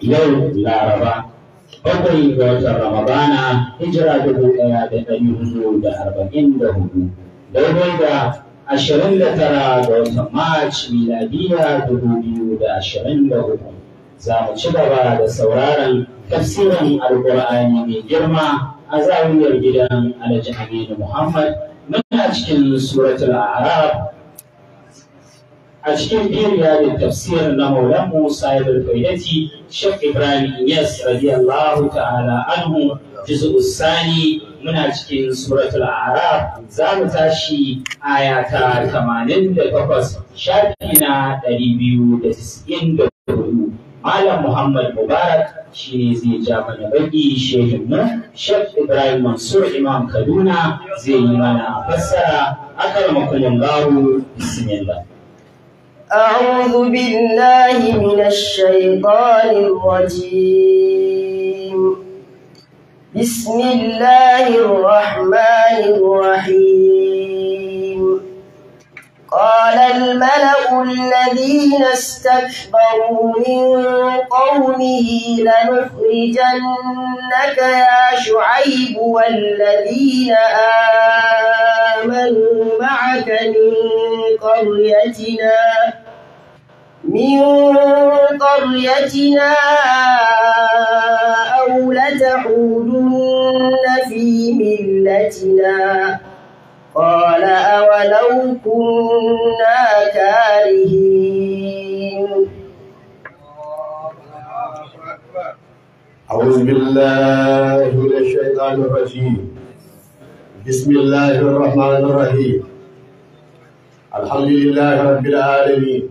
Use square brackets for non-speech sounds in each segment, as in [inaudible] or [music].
yau laraba bakwai ga watan ramadana hijira dubu ɗaya da ɗari hudu da arba'in da hudu daidai da ashirin da tara ga watan march miladiya dubu biyu da ashirin da hudu za mu ci gaba da sauraron tafsirin Alƙur'ani mai girma a zawiyar gidan alhaji aminu muhammad muna cikin suratul a'raf a cikin biyar da tafsir na maulan musa ya barkaidati shek ibrahim yas radiyallahu ta'ala anhu juzu usani muna cikin suratul arab za mu tashi aya ta 88 shafi na 294 Malam Muhammad Mubarak shi ne zai ja mana baki shehin mu Sheikh Ibrahim Mansur Imam Kaduna zai yi mana fassara akan makulin gawo bismillah أعوذ بالله من الشيطان الرجيم بسم الله الرحمن الرحيم قال الملأ الذين استكبروا من قومه لنخرجنك يا شعيب والذين آمنوا معك من قريتنا من قريتنا أو لتحولن في ملتنا قال أولو كنا كارهين أعوذ بالله من الشيطان الرجيم بسم الله الرحمن الرحيم الحمد لله رب العالمين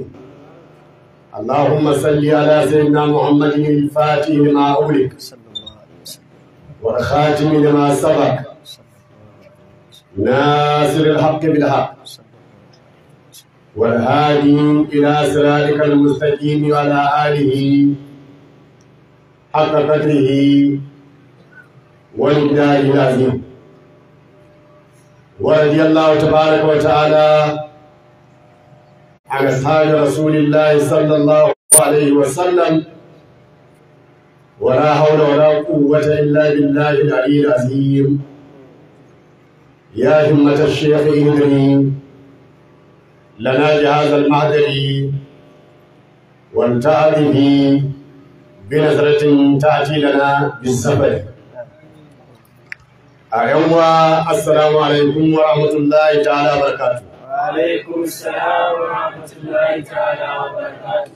اللهم صل على سيدنا محمد الفاتح لما أغلق والخاتم لما سبق ناصر الحق بالحق والهادي إلى سرائك المستقيم وعلى آله حق قدره والإبداع العظيم ورضي الله تبارك وتعالى عن أصحاب رسول الله صلى الله عليه وسلم ولا حول ولا قوة إلا بالله العلي العظيم يا همة الشيخ إدري لنا جهاز المعدني والتعب بنظرة تأتي لنا بالسفر أيوة السلام عليكم ورحمة الله تعالى وبركاته عليكم السلام ورحمة الله تعالى وبركاته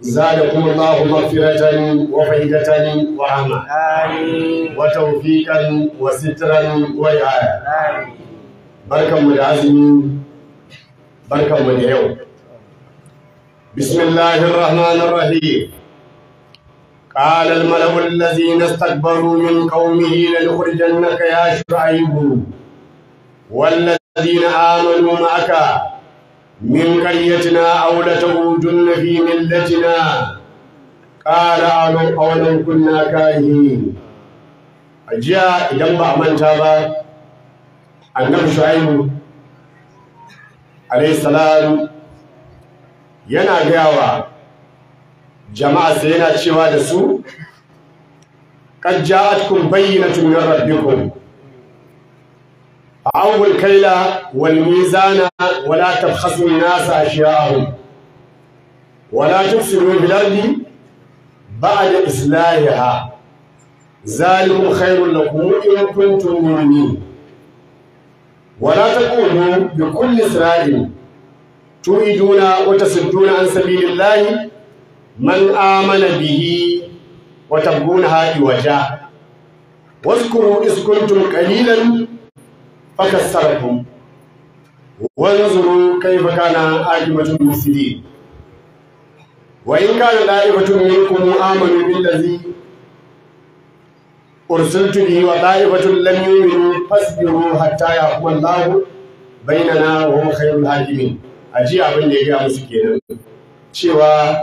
زادكم الله مغفرة وفائدة ورحمة وتوفيقا وسترا ورعاية بركة مدعزم بركة مدعو بسم الله الرحمن الرحيم قال الملأ الذين استكبروا من قومه لنخرجنك يا شعيب والذين الذين آمنوا معك من قريتنا أو لتعودن في ملتنا قال أعلم قولا كنا كارهين أجيا إذا ما أمنت هذا النبي شعيب عليه السلام yana gayawa jama'a sai yana cewa da su qad ja'atkum bayyinatun min rabbikum أو الكيل والميزان ولا تبخسوا الناس أشياءهم ولا تفسدوا في الأرض بعد إصلاحها ذلكم خير لكم إن كنتم مؤمنين ولا تقولوا بكل إسرائيل توعدون وتصدون عن سبيل الله من آمن به وتبغونها عوجا واذكروا إذ كنتم قليلا فكسرهم وانظروا كيف كان عاقبة المفسدين وإن كان طائفة منكم آمنوا بالذي أرسلت به وطائفة لم يؤمنوا فاصبروا حتى يحكم الله بيننا وهو خير الحاكمين أجي أبن يجي أبو سكينا شوى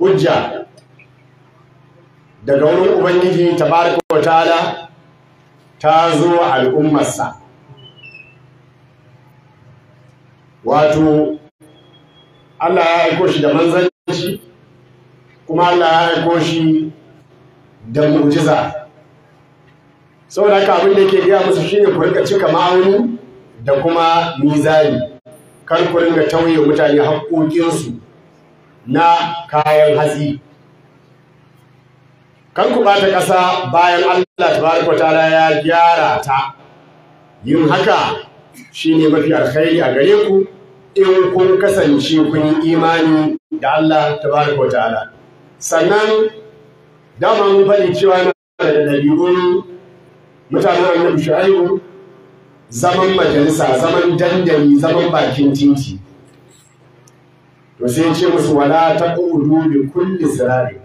hujja دعوني أبنجي تبارك وتعالى ta zo al'ummarsa wato Allah ya aiko shi da manzanci kuma Allah ya aiko shi da mu'jiza da haka abin da ke gaya musu shine ku kurka cika ma'auni da kuma mizani kar ku tauye mutane haƙoƙinsu na kayan hatsi kan ku bata ƙasa bayan Allah tabaraka ta'ala ya gyara ta yin haka shine mafi alkhairi a gare ku in kun kasance kun yi imani da Allah tabaraka ta'ala sannan dama mun faɗi cewa na da ɗabi'un mutanen annabi shu'aibu zaman majalisa zaman dandali zaman bakin titi to sai ce musu wala taqudu bi kulli sirari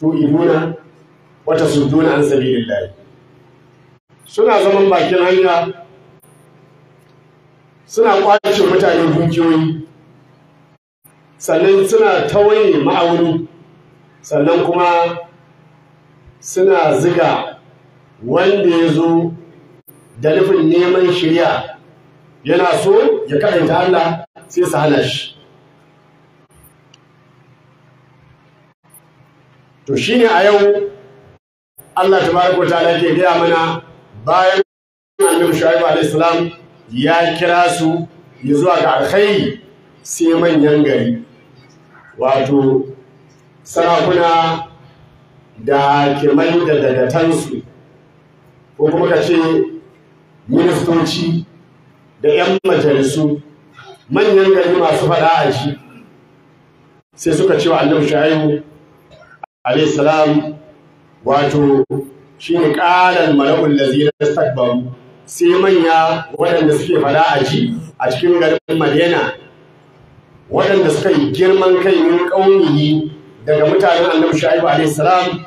tu'iduna wa tasudduna an sabilillah suna zaman bakin hanya suna kwace mutane dukiyoyi sannan suna tawaye ma'auni sannan kuma suna ziga wanda ya zo da nufin neman shirya yana so ya kaɗanta Allah sai su hana shi to shi ne a yau Allah Ta tabaraka ta ke gaya mana bayan annabi shu'aib alayhi salam ya kira su ya zuwa ga alkhairi sai manyan gari wato sarakuna da kirmai da dagatansu ko kuma ka ce ministoci da 'yan majalisu manyan gari masu faɗa a shi sai suka cewa annabi shu'aibu alayhi salam wato shine qalan mala'ul ladzina stagbam sai manya waɗanda suke fada a ji a cikin garin Madina waɗanda suka yi girman kai min ƙauniyi daga mutanen annabi Shu'aibu alayhi salam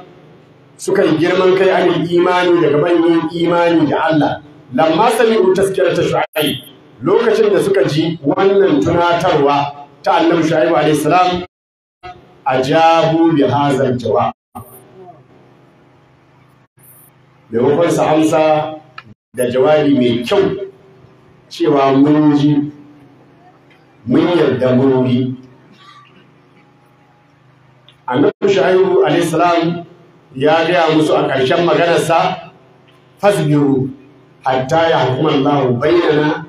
suka yi girman kai an imani daga banyin imani da Allah lamma sami'u ta Shu'aib lokacin da suka ji wannan tunatarwa ta annabi Shu'aibu alayhi ajabu bi hazal jawab maimakon su amsa da jawabi mai kyau cewa mun ji mun yarda mun yi annabi shu'aibu alayhi ya gaya musu a ƙarshen maganarsa fasbiru hatta ya hukuma Allah bayyana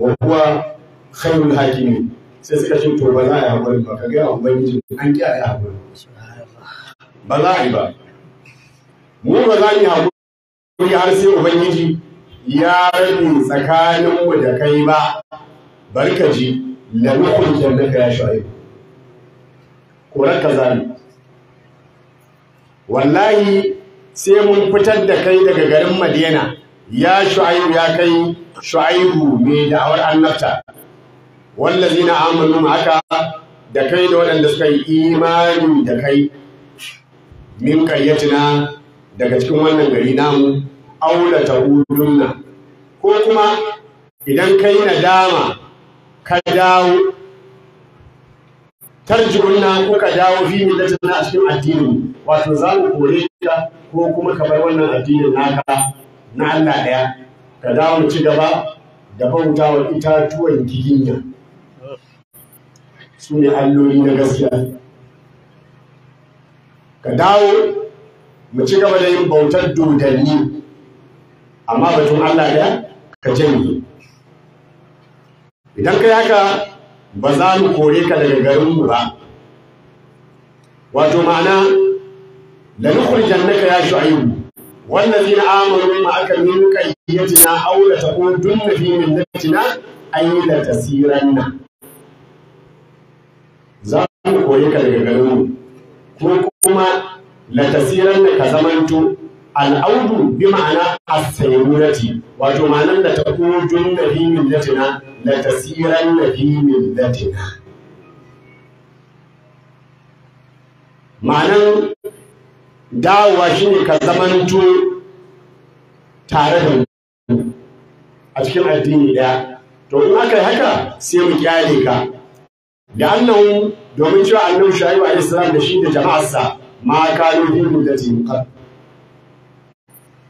wa huwa khairul hakimin sai suka ce to ba za a yi haƙuri ba ka gaya ubangiji an ƙi a yi haƙuri ba za a yi ba mu ba za mu yi haƙuri har sai ubangiji ya rabu tsakaninmu da kai ba barkaji la nukun jannaka ya shu'aib korar ka zami wallahi sai mun fitar da kai daga garin madina ya shu'aibu ya kai shu'aibu mai da'awar annabta wallazina amurin haka da kai da waɗanda suka yi imani da kai min na daga cikin wannan gari namu aula ta hudunna ko kuma idan kai nadama ka dawo tarjunna ko ka dawo fi millatina a cikin addinin wato za mu kore ka ko kuma ka bar wannan addinin naka na Allah ɗaya ka dawo ci gaba da bautawa itatuwan giginya su ne alloli na gaskiya ka dawo mu ci gaba da yin bautar dodanni amma batun Allah ya ka janye idan ka haka ba za mu kore ka daga garin mu ba wato ma'ana la jannaka ya shu'ayyub والذين آمنوا معك من كيتنا أو لتكون في ملتنا أي لتسيرن an koyi ka daga garinmu ko kuma latasiran da ka zamanto al'audu bi ma'ana as-sayyurati wato ma'anar da ta kujun da fi millatina latasiran da fi millatina ma'anar dawowa shine ka zamanto tare da mu a cikin addini daya to in aka yi haka sai mu kyale ka da annahu domin cewa annabi shayi wa islam da shi da jama'arsa ma kanu fi da muqad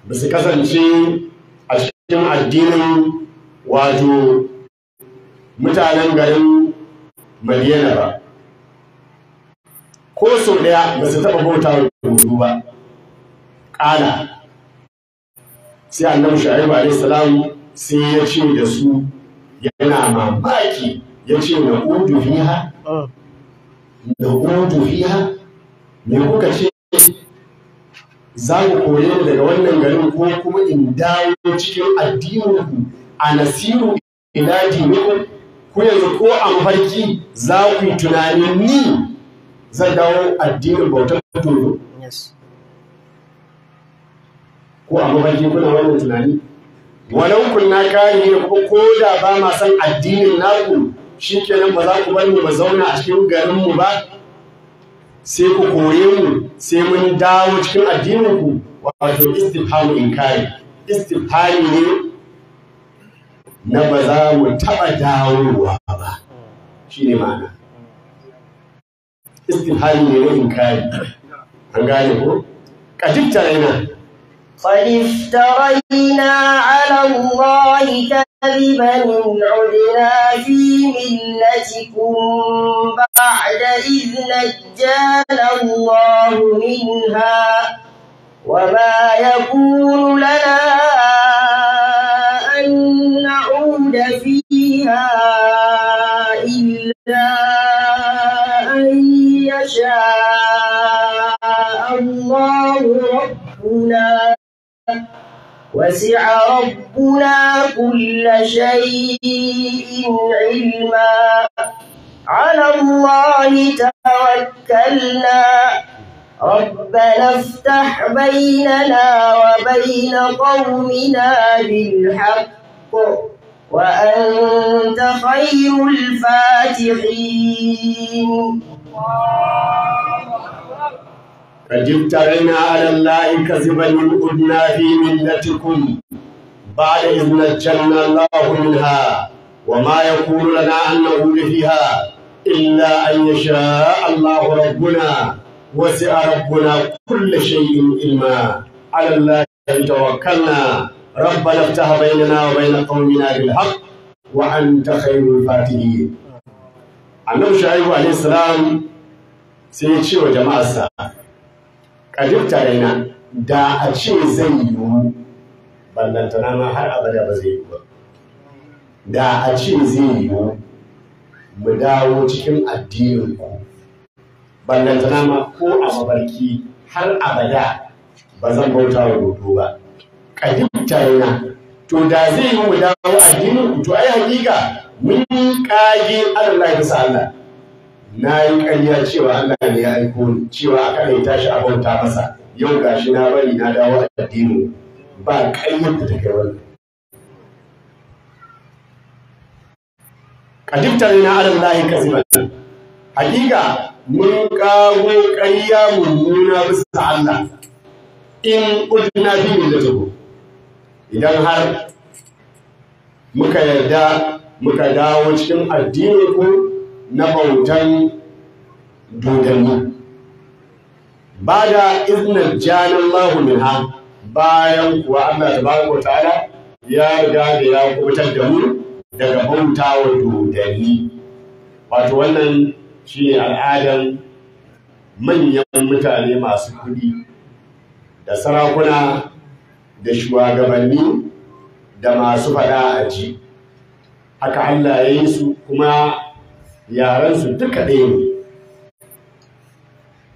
ba su kasance a cikin addinin wato mutanen garin madiyana ba ko sau ɗaya ba su taɓa bauta wa rubutu ba ƙala sai annabi shu'aibu wa islam sai ya ce da su yana mamaki ya ce na udu fiha ah. da kudu fiha me kuka ce za mu koye daga wannan garin ko kuma in dawo cikin addininku a nasiru ina diniku ku yanzu ko an farki za ku yi tunanin ni zan dawo addinin bautar tolo ko a mafarki kuna wannan tunani walau na kare kuma ko da ba ma san addinin naku shi kenan ba za ku bar mu ba zauna a cikin garinmu ba sai ku kore mu sai mun dawo cikin addininku wato istifhamu inkari istifhamu ne na ba za mu taɓa dawowa ba shi ne ma'ana istifhamu ne na inkari an gane ko kadifta yana قد افترينا على الله كذبا عدنا في ملتكم بعد إذ نجانا الله منها وما يكون لنا أن نعود فيها إلا أن يشاء الله ربنا وسع ربنا كل شيء علما على الله توكلنا ربنا افتح بيننا وبين قومنا بالحق وأنت خير الفاتحين قد ابتغينا على الله كذبا من قلنا في ملتكم بعد إذ نجلنا الله منها وما يقول لنا أن نقول فيها إلا أن يشاء الله ربنا وسع ربنا كل شيء علما على الله توكلنا ربنا افتح بيننا وبين قومنا بالحق وأنت خير الفاتحين annabi shaibu alaihi salam sai ya ce wa jama'arsa ƙadirta raina da a ce zai yiwu ballantana ma har abada ba zai yiwu da a ce zai yiwu mu dawo cikin addinin ku ballantana ma ko a mabarki har abada ba zan bauta wa dodo ba ƙadirta raina to da zai yi mu dawo addinin ku to ai hakika mun kage Allah bisa Allah na yi ƙarya cewa Allah ne ya aiko ni cewa aka ne tashi a bauta masa yau ga shi na bari na dawo a addini ba ƙaryar da ta kai wannan na adam lahi kaziban hakika mun kawo ƙarya mummuna bisa Allah in udna bi zuwa idan har muka yarda muka dawo cikin addini ko. na bautan dodanni ba da iznin janin min ha, bayan kuwa Allah da baraka ta'ala ya riga da ya kubutar da mu daga bauta wa dodanni wato wannan shi ne al'adan manyan mutane masu kuɗi da sarakuna da shugabanni da masu faɗa a ji haka Allah ya yi su kuma yarensu duka ɗaya ne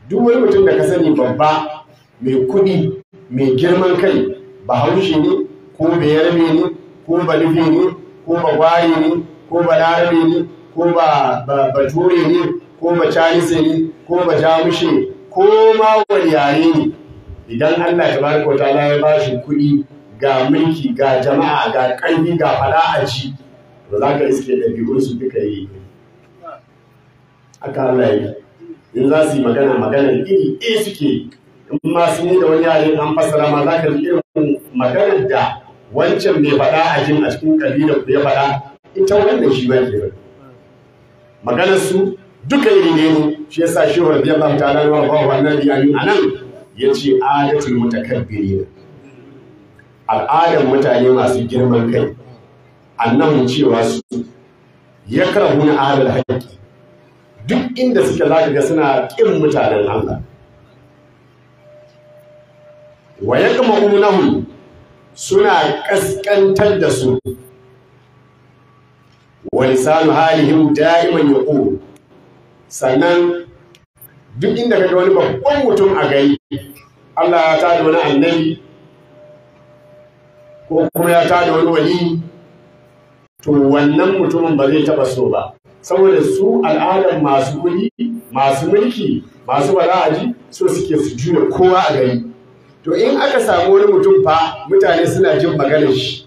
duk wani mutum da ka sani babba mai kuɗi mai girman kai ba haushi ne ko bayarbe ne ko nufi ne ko bagwaye ne ko larabe ne ko bature ne ko chalice ne ko jamushe ko ma wani yare ne idan allah tabaraka wa ta'ala ya bashi kuɗi ga mulki ga jama'a ga ƙarfi ga fada a ji ba za ka iske ɗabi'unsu duka yi haka Allah ya in za su yi magana magana iri iri suke in ma sun yi da wani yare an fassara ma za ka yi irin maganar da wancan mai faɗa a jin a cikin kabilar da ya faɗa ita wannan shi ba ke maganar su duka iri ne ne shi yasa shi radiyallahu ta lalwa ba wa Ya ani anan yace adatul mutakabbirin al'adar mutane masu girman kai annan cewa su na ahlul haqqi duk inda suke za ga suna ƙin mutanen Allah wa kama umunahun suna ƙasƙantar da su wa lisanu halihim da'iman yaqul sannan duk inda ka wani babban mutum a gai Allah ya tada wani annabi ko kuma ya tada wani wani, to wannan mutumin ba zai taɓa so ba saboda su al'adar masu kuɗi masu mulki masu wala'aji so suke su jure kowa a gari to in aka samu wani mutum fa mutane suna jin maganar shi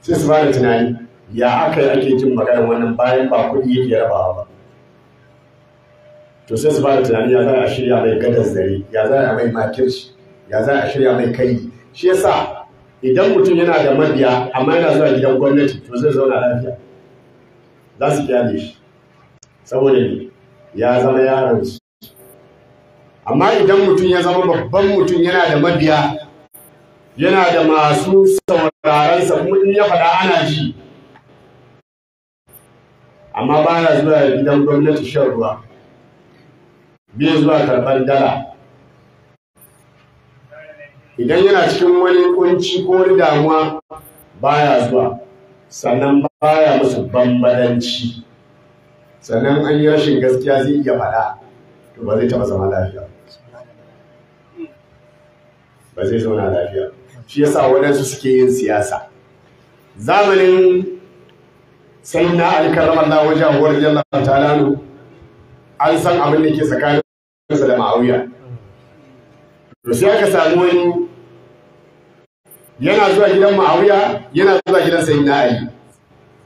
sai su fara tunani ya aka yi ake jin maganar wannan bayan ba kuɗi yake rabawa ba to sai su fara tunani ya za a shirya mai gadar zare ya za a mai makirci ya za a shirya mai kai shi yasa idan mutum yana da mabiya amma yana zuwa gidan gwamnati to zai zauna lafiya za su kyale shi saboda ne ya zama yaron su amma idan mutum ya zama babban mutum yana da mabiya yana da masu saurarensa kuma in ya faɗa ana ji amma ba ya zuwa gidan gwamnati shan ruwa bai zuwa karɓar dala idan yana cikin wani kunci ko damuwa ba ya zuwa sannan baya musu bambadanci sannan an yi rashin gaskiya zai iya faɗa to ba zai taɓa zama lafiya ba zai zauna lafiya shi yasa waɗansu suke yin siyasa zamanin sai na alkaramar na wajen wajen jalla ta an san abin da ke tsakanin da ma'auya to sai aka sami wani yana zuwa gidan ma'awiya yana zuwa gidan sayi na ali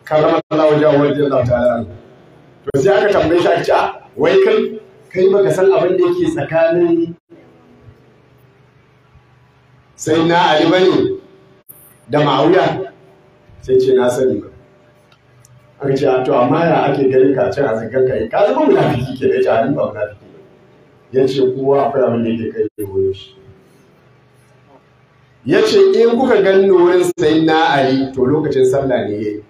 karama Allah wajen wajen Allah ta'ala to sai aka tambaye shi a cikin ah, wai kan kai baka san abin da yake tsakanin sai na ali bane da ma'awiya sai ce na sani ba aka ce ah, to amma ya ake gani ka ce a zangar kai ka zama munafiki ke da ya ce ah, ba munafiki ya ce kowa akwai abin da yake kai ne shi ya ce in kuka gan wurin sai na ali to lokacin sallah ne ya yi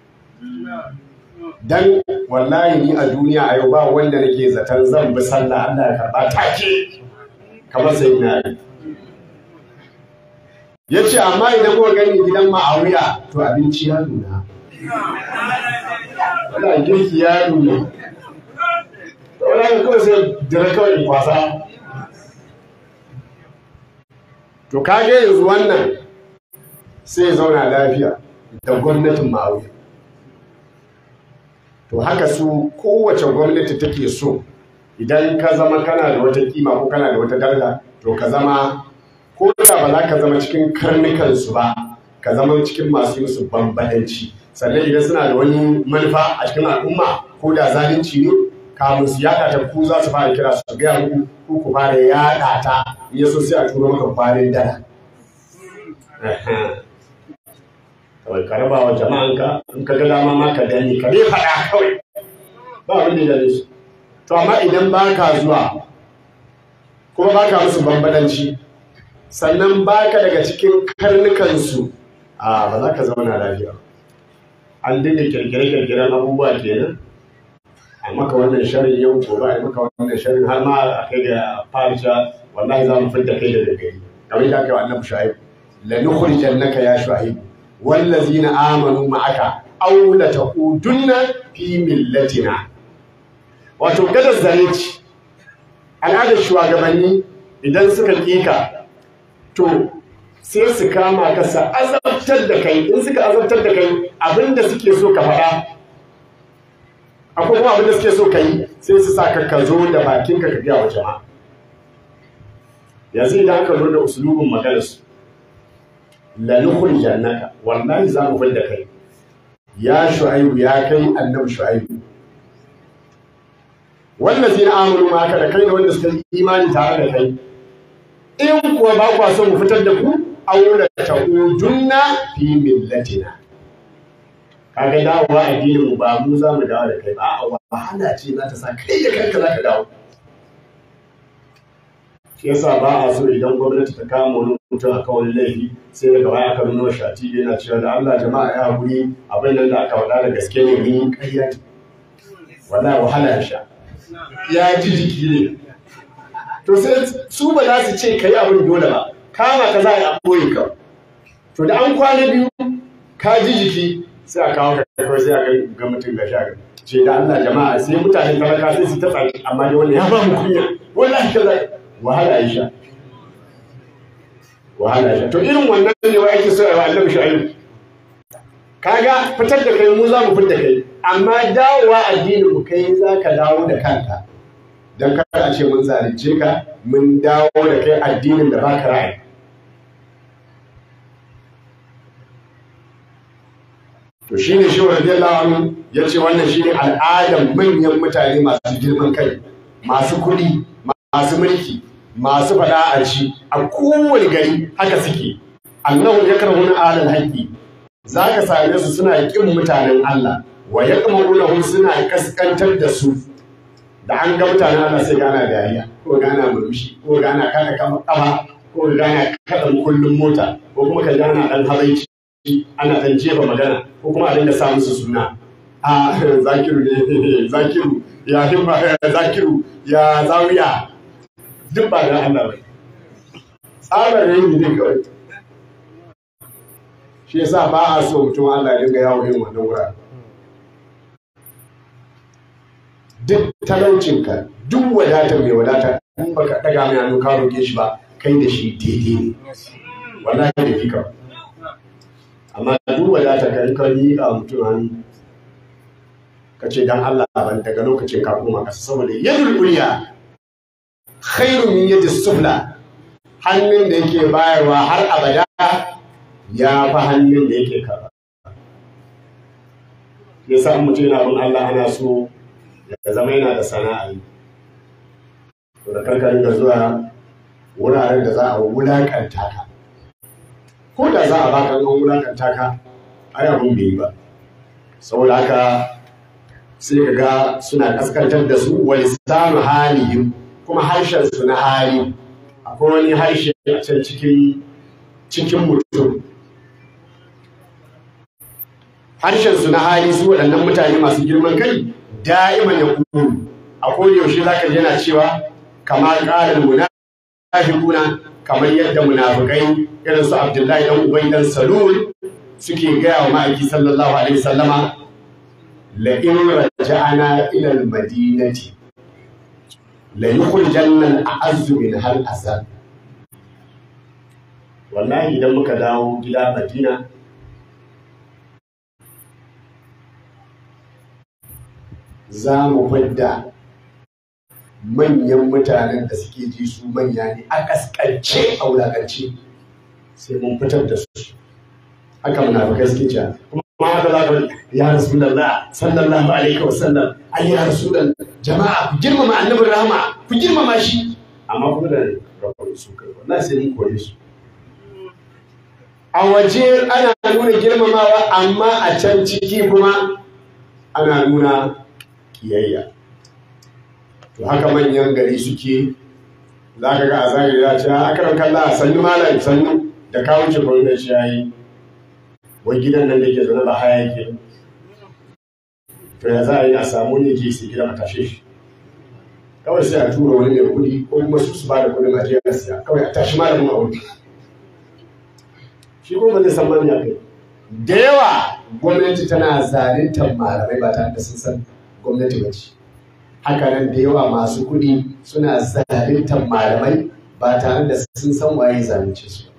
dan wallahi ni a duniya a yau ba wanda nake zaton zan bi sallah da ya karba take kamar sai na ali ya ce amma idan kuka gani gidan ma'awiya to abinci ya nuna wala girki ya nuna wala kuma sai dare in kwasa to kage yanzu wannan sai zauna lafiya da gwamnatin ma'auya to haka su kowace gwamnati take so idan ka zama kana da wata kima ko kana da wata daraja to ka zama ko da ba za ka zama cikin karnukansu ba ka zama cikin masu musu bambanci sannan idan suna da wani manufa a cikin al'umma ko da zalunci ne kamun su yada ta ku za su fara kira su gaya muku ku ku fara yada ta ya so sai a turo maka kwarin dala kawai ka raba wa jama'anka in ka ga dama ma ka gani ka dai faɗa kawai ba abin da dare su to amma idan ba ka zuwa kuma ba ka musu bambananci, sannan ba ka daga cikin karnukansu a ba za ka zauna lafiya an dinga kirkire kirkire abubuwa kenan a maka wannan sharin yau ba, a maka wannan sharin har ma a kai da farja. wallahi za mu fidda kai da daga kamar da aka yi annabi shu'aib la nukhrijannaka ya shu'aib wallazina amanu ma'aka aw la taqudunna fi millatina wato kada zalunci al'adar shugabanni idan suka kika to sai su kama ka sa azabtar da kai in suka azabtar da kai abinda suke so ka faɗa akwai kuma abinda suke so ka yi sai su sa ka ka zo da bakinka ka biya wa jama'a yanzu da aka lura da usulubin maganar su la nukhul jannaka wallahi za mu da kai ya shu'aibu ya kai annabi shu'aibu Wanda zai amuru ma ka da kai da wanda suka yi imani tare da kai in kuwa ba kwa son mu fitar da ku aure ta ujunna fi millatina kaga dawowa addinin mu ba mu za mu dawo da kai ba a wahala ce za ta sa kai da kanka za ka dawo yasa ba a so idan gwamnati ta kama wani mutum a kawai laifi sai daga baya aka nuna shati yana cewa da Allah jama'a ya haƙuri abin nan da aka faɗa da gaske ne ni ƙarya wannan wahala ya sha ya ji jiki ne to sai su ba za su ce kai abin dole ba kama ka za a yi ka to da an kwana biyu ka ji jiki sai a kawo ka kawai sai a kai ga mutum ga sha ce da Allah jama'a sai mutane talaka sai su ta tsaki amma dai wannan ya ba mu kunya wallahi kaza wahala ya sha wahala ya to irin wannan ne wa ake so a annabi shu'aib kaga fitar da kai mu za mu fitar da kai amma dawowa addinin mu kai za ka dawo da kanka don kada a ce mun zalunce ka mun dawo da kai addinin da baka ra'ayi to shi ne shi radiyallahu ya ce wannan shi ne al'adar manyan mutane masu girman kai masu kuɗi masu mulki masu faɗa a shi a kowane gari haka suke annahu ya karhu na alal haƙi za ka same su suna ƙin mutanen Allah wa ya kamarunahum suna ƙasƙantar da su da an ga mutanen Allah sai gana dariya ko gana murmushi ko gana kada ƙafa, ko gana kaɗan kullum mota ko kuma ka gana ɗan habaici ana ɗan jefa magana ko kuma a dinga sa musu suna a ah, [laughs] zakiru ne [laughs] zakiru ya himma [laughs] zakiru ya zawiya duk ba na Allah ba Tsara tsarin rangi ne kawai shi yasa ba a so mutum Allah ya dinga yawo yin wannan wuraren. duk talaucinka duk wadatar mai wadata in baka daga mai hannu ka roƙe shi ba kai da shi daidai ne wallahi da fika amma duk wadatar ka in ka yi a mutum hannu ka ce dan Allah ban daga lokacin ka koma kasa saboda yadda kuliya khairun min yadi sufla hannun da yake bayarwa har abada ya fi hannun da yake karba Ya sa mutum yana bin Allah ana so ya zama yana da sana'a to da karkarin da zuwa wuraren da za a wulakanta ka ko da za a baka an wulakanta ka ai abin bai yi ba saboda haka sai ka ga suna kaskantar da su wani halin halihim kuma harshensu na hali akwai wani harshe a can cikin cikin mutum harshensu na hali su waɗannan mutane masu girman kai da'iman ya kuru a yaushe za ka yana cewa kamar ƙarin kuna kamar yadda munafikai irin su Abdullahi dan Ubay dan Salul suke gaya wa ma'aiki sallallahu alaihi sallama la in raja'ana ila al-madinati la yukhrijan nan a azumin hal asar. wallahi idan muka dawo gida Madina za mu fadda manyan mutanen da suke ji su manya ne a kaskance a wulakance sai mun fitar da su haka muna ga gaskiya kuma وهذا الأمر يا رسول الله صلى الله عليه وسلم أي يا رسول الله jama'a ku girmama annabin rahama ku girmama shi amma kuma da rakwai su kai wannan sai mun koye su a waje ana nuna girmamawa amma a can ciki kuma ana nuna kiyayya to haka manyan gari suke za ka ga a zagari za a ce a karan kalla sannu malam sannu da kawo ce kwanci yayi wai gidan nan da ke zaune ba haya yake to ya za a yi a samu ne ke sai gidan a tashe shi kawai sai a tura wani mai kuɗi ko kuma su su ba da kudin ajiya a siya kawai a tashi malamin a wuri shi kuma zai san mani kai da yawa gwamnati tana zaluntar malamai ba tare da sun san gwamnati ba ce haka nan da yawa masu kuɗi suna zaluntar malamai ba tare da sun san waye zalunce su ba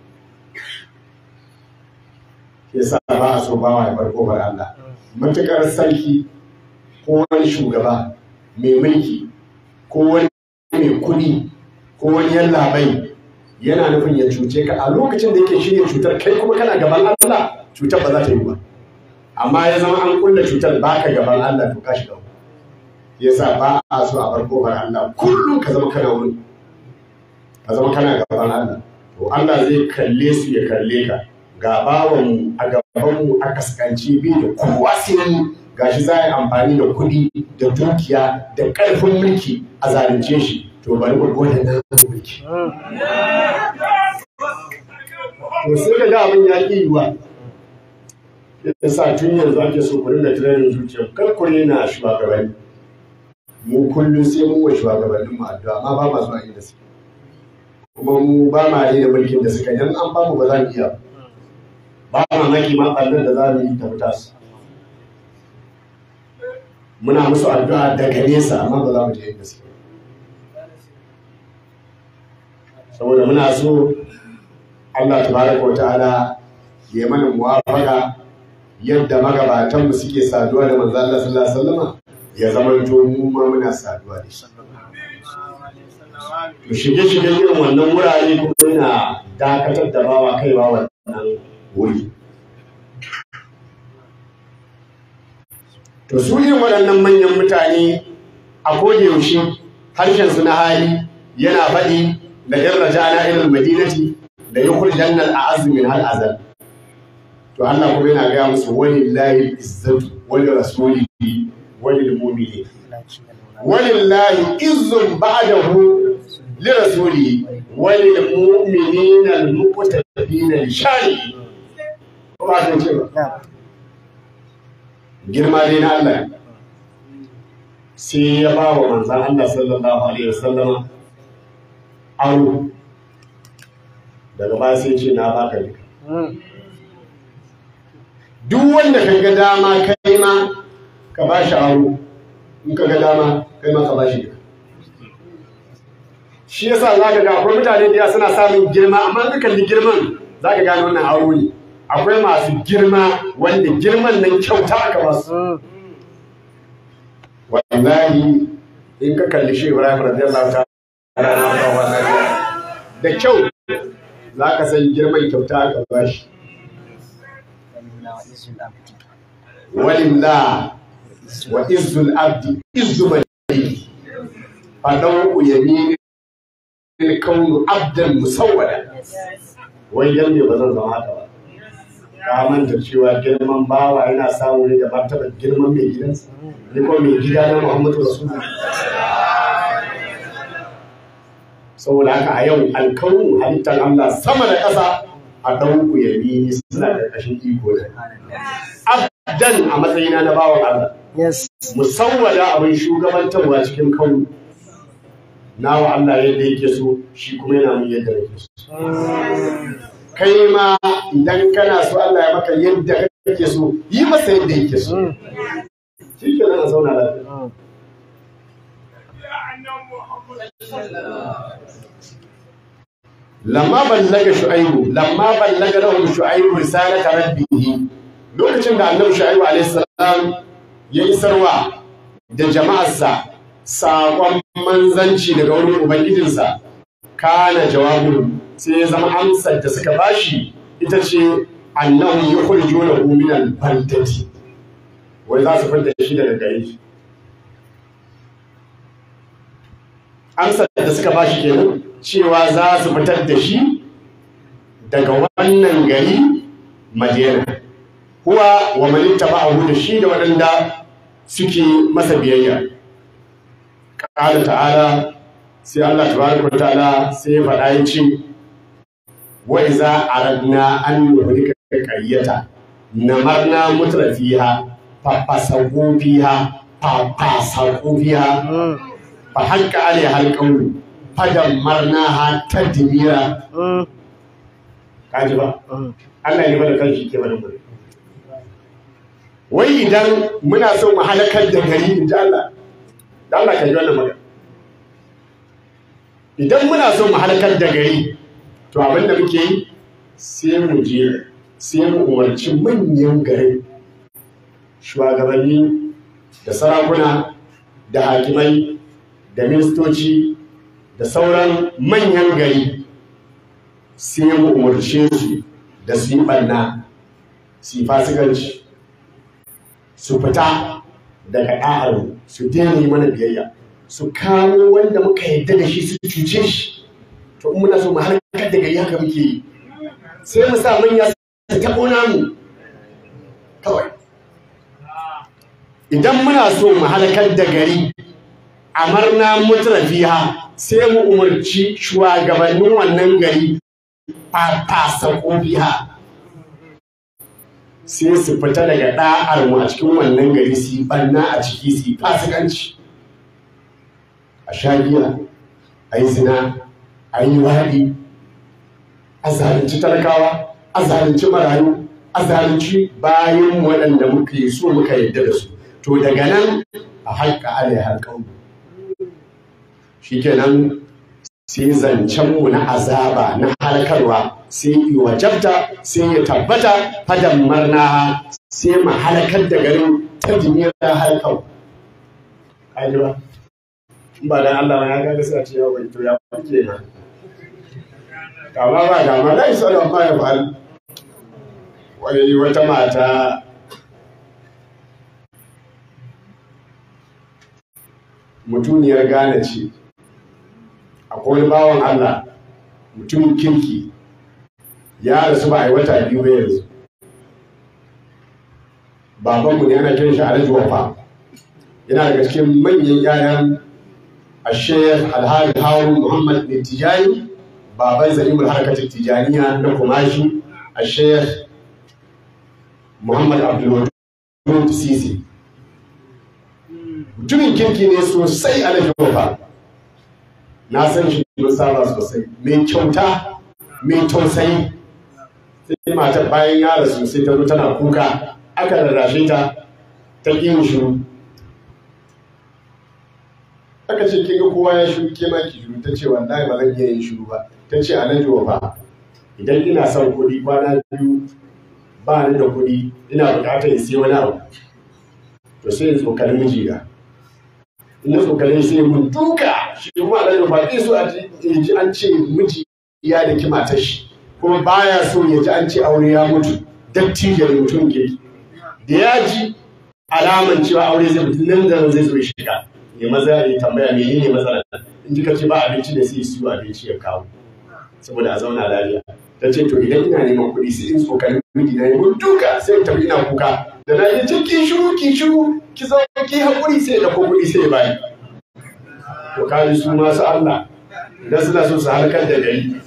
yasa ba a so bawa ya farko bar Allah matukar sarki ko wani shugaba mai mulki ko wani mai kuɗi ko wani yallaɓai yana nufin ya cuce ka a lokacin da yake shirya cutar kai kuma kana gaban Allah cutar ba za ta yi ba amma ya zama an kulla cutar ba ka gaban Allah to ka shiga ya sa ba a so a bar Allah kullum ka zama kana wuri ka zama kana gaban Allah to Allah zai kalle su ya kalle ka ga bawan a gabanmu a kaskanci bai da kowa sai gashi za a yi amfani da kuɗi da dukiya da ƙarfin mulki a zalunce shi to bari mu gode na mulki to sai da ga abin ya ƙi yiwa yasa tun yanzu ake so ku rinda tunanin zuciya kar ku rena shugabanni mu kullum sai mu wa shugabannin mu addu'a amma ba ma zuwa inda suke kuma mu ba ma yi da mulkin da suka yan an ba mu ba za mu iya ba ba mamaki ma ɓarnar da za mu yi ta su muna musu addu'a daga nesa amma ba za mu je gaske saboda muna so Allah tabaraka wa ta'ala ya mana muwafaqa yadda magabatan mu suke saduwa da manzo Allah sallallahu alaihi wasallam ya zama to mu ma muna saduwa da shi to shige shige irin wannan wurare kuma yana dakatar da bawa kaiwa wannan wuri to su yin waɗannan manyan mutane a kodayaushe harshensu na hali yana faɗi da yan na irin madinati da yukhul jannal a azumin har azal to Allah kuma yana gaya musu walillahi izzatu wal rasulihi walil wani walillahi izzun ba'dahu li rasulihi walil mu'minina ta muqtadina na nishani girma dai na Allah sai ya ba wa manzan Allah sallallahu alaihi wasallama aro daga ba sai ce na baka duka duk wanda ka ga dama kai ma ka ba shi aro in ka ga dama kai ma ka ba shi duka shi yasa za ka ga akwai mutane da suna samun girma amma in ka girman za ka gane wannan aro ne akwai masu girma wanda girman nan kyauta ka masu wallahi in ka kalli shi Ibrahim radiyallahu ta'ala da kyau za ka san girman kyauta aka bashi walillah wa izzul abdi izzu maliki fadan ku yami kaunu abdan musawwada wai dan ba bazan zama haka ba ka da cewa girman bawa yana samu ne da martabar girman mai gidansa ni kuma mai gida na Muhammadu rasulu saboda haka a yau alkawun halittar Allah sama da ƙasa a ɗauku ya yi suna da ƙashin iko da abdan a matsayina na bawan Allah musawwada abin shugabantarwa cikin kawo na wa Allah yadda yake so shi kuma yana mu yadda yake so kai ma idan kana so Allah ya maka yadda kake so yi masa yadda yake so mm. shi ke zauna mm. lamma ballaga shu'aibu lamma ballaga lahu shu'aibu risalata rabbihi lokacin da annabi shu'aibu alayhi salam ya isarwa da jama'arsa saƙon manzanci daga wurin ubangijinsa kana jawabun sai zama amsar da suka bashi ita ce annahu yukhrijunahu min al-baltati wai za su fita shi daga gari amsar da suka bashi kenan cewa za su fitar da shi daga wannan gari madina Kuwa wa man ittaba'ahu da shi da waɗanda suke masa biyayya qala ta'ala sai Allah tabaraka ta'ala sai ya faɗa ya wa aradna an nuhlika qaryata namarna mutrafiha fa fiha fa fiha fa hakka alaiha alqawlu fadammarnaha tadmira kaji ba Allah ya bada kanshi ke mu wai idan muna so mu halakar da gari inji Allah idan muna so mu halakar da gari to abin da muke yi sai mu je sai mu umarci manyan garin shugabanni da sarakuna da hakimai da ministoci da sauran manyan gari sai mu umarce su da su yi ɓanna su yi fasikanci su fita daga ɗaharu su daina yi mana biyayya su kawo wanda muka yadda da shi su cuce shi to in muna so mu harkar da gari haka muke yi sai mu sa manya su taɓo namu kawai idan muna so mu halakar da gari amarna mutrafiha sai mu umarci shugabannin wannan gari fatasa biya. sai su fita daga da'ar mu a cikin wannan gari su yi banna a ciki su yi fasikanci a sha a yi zina an yi wahabi a zalunci talakawa a zalunci marayu a zalunci bayan waɗanda muka yi so muka yadda da su to daga nan a haƙa shi ke nan sai mu na azaba na halkarwa sai yi wajabta sai ya tabbata fadan marna sai mu halakar da garin ta duniyar halkar ba da Allah ya ga sai a ce ya bai to ya fike na kama ba dama lai da ma ya faru wani yi wata mata mutuniyar gane ce akwai bawan allah mutumin kirki ya rasu ba a yi wata biyu ba yanzu babanmu ne ana kiran shi alhaji fa. yana daga cikin manyan 'ya'yan ashayar alhari haru muhammad ne tijayi baban za'imul harakatul tijaniya na kumashi a sheikh muhammad abdulwadud sisi mutumin kirki ne sosai a lafiya na san shi don saba sosai mai kyauta mai tausayi sai mata bayan yara sosai ta zo tana kuka aka rarrashe ta ta ƙin shiru aka ce kika kowa ya shiru ke ma ki ta ce wallahi ba zan iya yin shiru ba ta ce alhaji wafa idan ina son kuɗi kwana biyu ba ni da kudi ina buƙatar in siyo wani abu to sai in tsokali mijina in na tsokali sai mun duka shi kuma alhaji ba ki so a ji an ce miji ya da kima ta shi kuma baya so ya ji an ce aure ya mutu da mutum ke da ya ji alaman cewa aure zai mutu nan da zai zo shiga ne maza ya tambaya menene matsalar in ji ka ce ba abinci da sai su abinci ya kawo saboda a zauna lafiya ta ce to idan ina neman kuɗi sai in tsokani miji na yi duka sai in tafi ina kuka da na yi ce shiru ki shiru ki zauna ki haƙuri sai da ko kuɗi sai bayi to kaji su masu Allah idan suna so su harkar da gari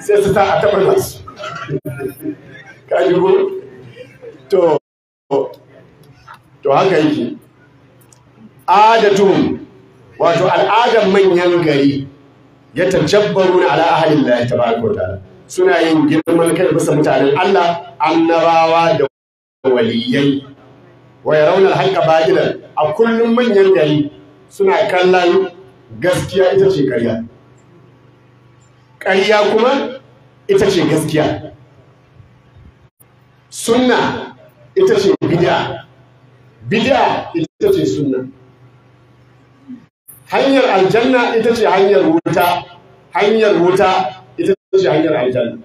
sai su ta a taɓa masu kaji ko to to haka yake adatun wato al'adar manyan gari ya tajabbaru ala da ya taba kota suna yin girman kai bisa mutanen Allah annabawa da waliyai wa yarawna al-haqqa batilan a kullum manyan gari suna kallon gaskiya ita ce ƙarya ƙarya kuma ita ce gaskiya sunna ita ce bid'a bid'a ita ce sunna hanyar aljanna ita ce hanyar wuta hanyar wuta ita ce hanyar aljanna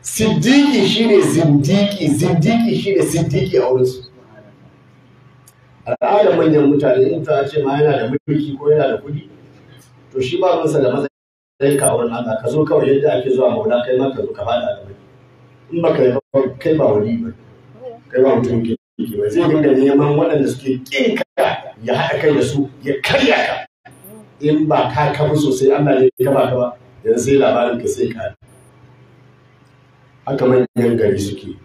siddiki shine zindiki zindiki shine siddiki a wurinsu al'adar manyan mutane in ta ce ma yana da mulki ko yana da kuɗi to shi ba ruwansa da matsayin ka wurin Allah ka zo kawai yadda ake zuwa maula kai ma ka zo ka faɗa da mai in ba yi ba kai ba wani ba kai ba mutum ke zai da neman waɗanda suke ƙinka ya haɗa kai da su ya karya ka in ba ka kafa sosai an na ya kafa ka ba yanzu sai labarin ka sai ka haka manyan gari suke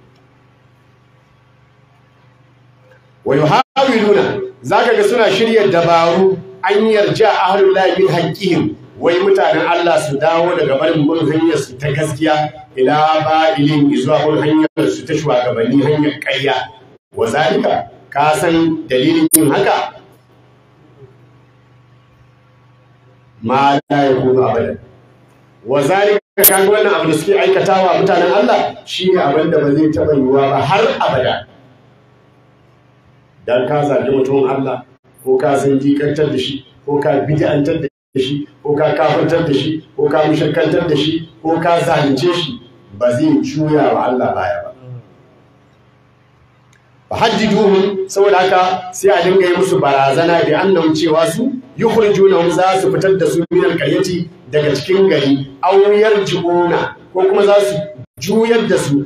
wa yuhawiluna zaka ga suna shirya dabaru an yarja ahlul lahi min haqqihim wai mutanen Allah su dawo daga barin bin hanyar su ta gaskiya ila ba'ilin zuwa hanyar su ta shugabanni hanyar ƙarya wazalika ka san dalilin yin haka ma la yakunu abada. wazalika ka ga wannan abu da suke aikatawa mutanen Allah shi ne abin da ba zai taɓa yiwuwa ba har abada dan ka zagi mutumin Allah ko ka san jikantar da shi ko ka bid'antar da shi ko ka kafantar da shi ko ka mushakkantar da shi ko ka zalunce shi ba zai juya wa Allah baya ba fahaddiduhum saboda haka sai a dinga yi musu barazana da annahum cewa su yukhrijunahum za su fitar da su min alqaryati daga cikin gari aw yarjiuna ko kuma za su juyar da su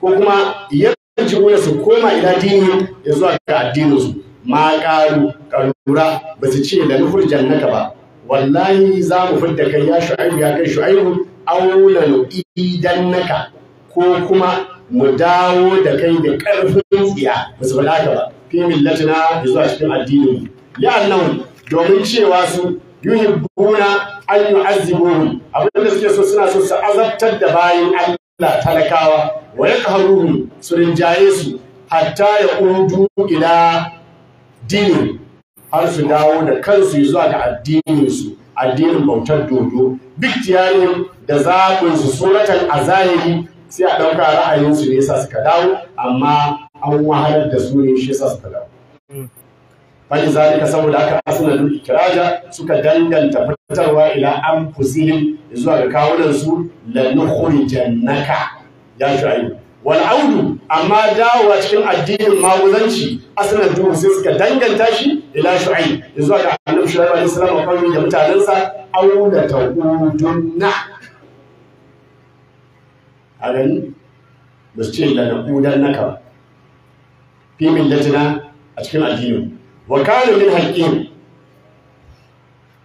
ko kuma yarjiuna su koma ila dini ya zuwa ga addinin su ma karu kalura ba su ce da nufur naka ba wallahi za mu fidda kai ya shu'aibu ya kai shu'aibu aw idan naka ko kuma mu dawo da kai da ƙarfin tsiya ba su ka ba fi millatina da zuwa cikin addini la'annan domin cewa su yuhibbuna an yu'azzibuhum abin da suke so suna so su azabtar da bayan Allah talakawa wa yaqharuhum su rinjaye su hatta ya udu ila dini har su dawo da kansu zuwa ga addinin addinin bautar dodo biktiyarin da zaɓin su suratan a zahiri sai a ɗauka ra'ayinsu ne sa suka dawo amma an wahalar da su ne shi sa suka dawo hmm. fani zalika saboda haka duk kiraja suka danganta fitarwa ila anfusihim zuwa ga kawunan su la jannaka ya shayi wal audu amma dawowa cikin addinin maguzanci asnadul sai suka danganta shi ila shu'aib zuwa ga annabi shu'aib alaihi salam da mutanensa aula taqudunna adan gani ba su ce da kudan naka ba da millatina a cikin addinin wa kana min haqqin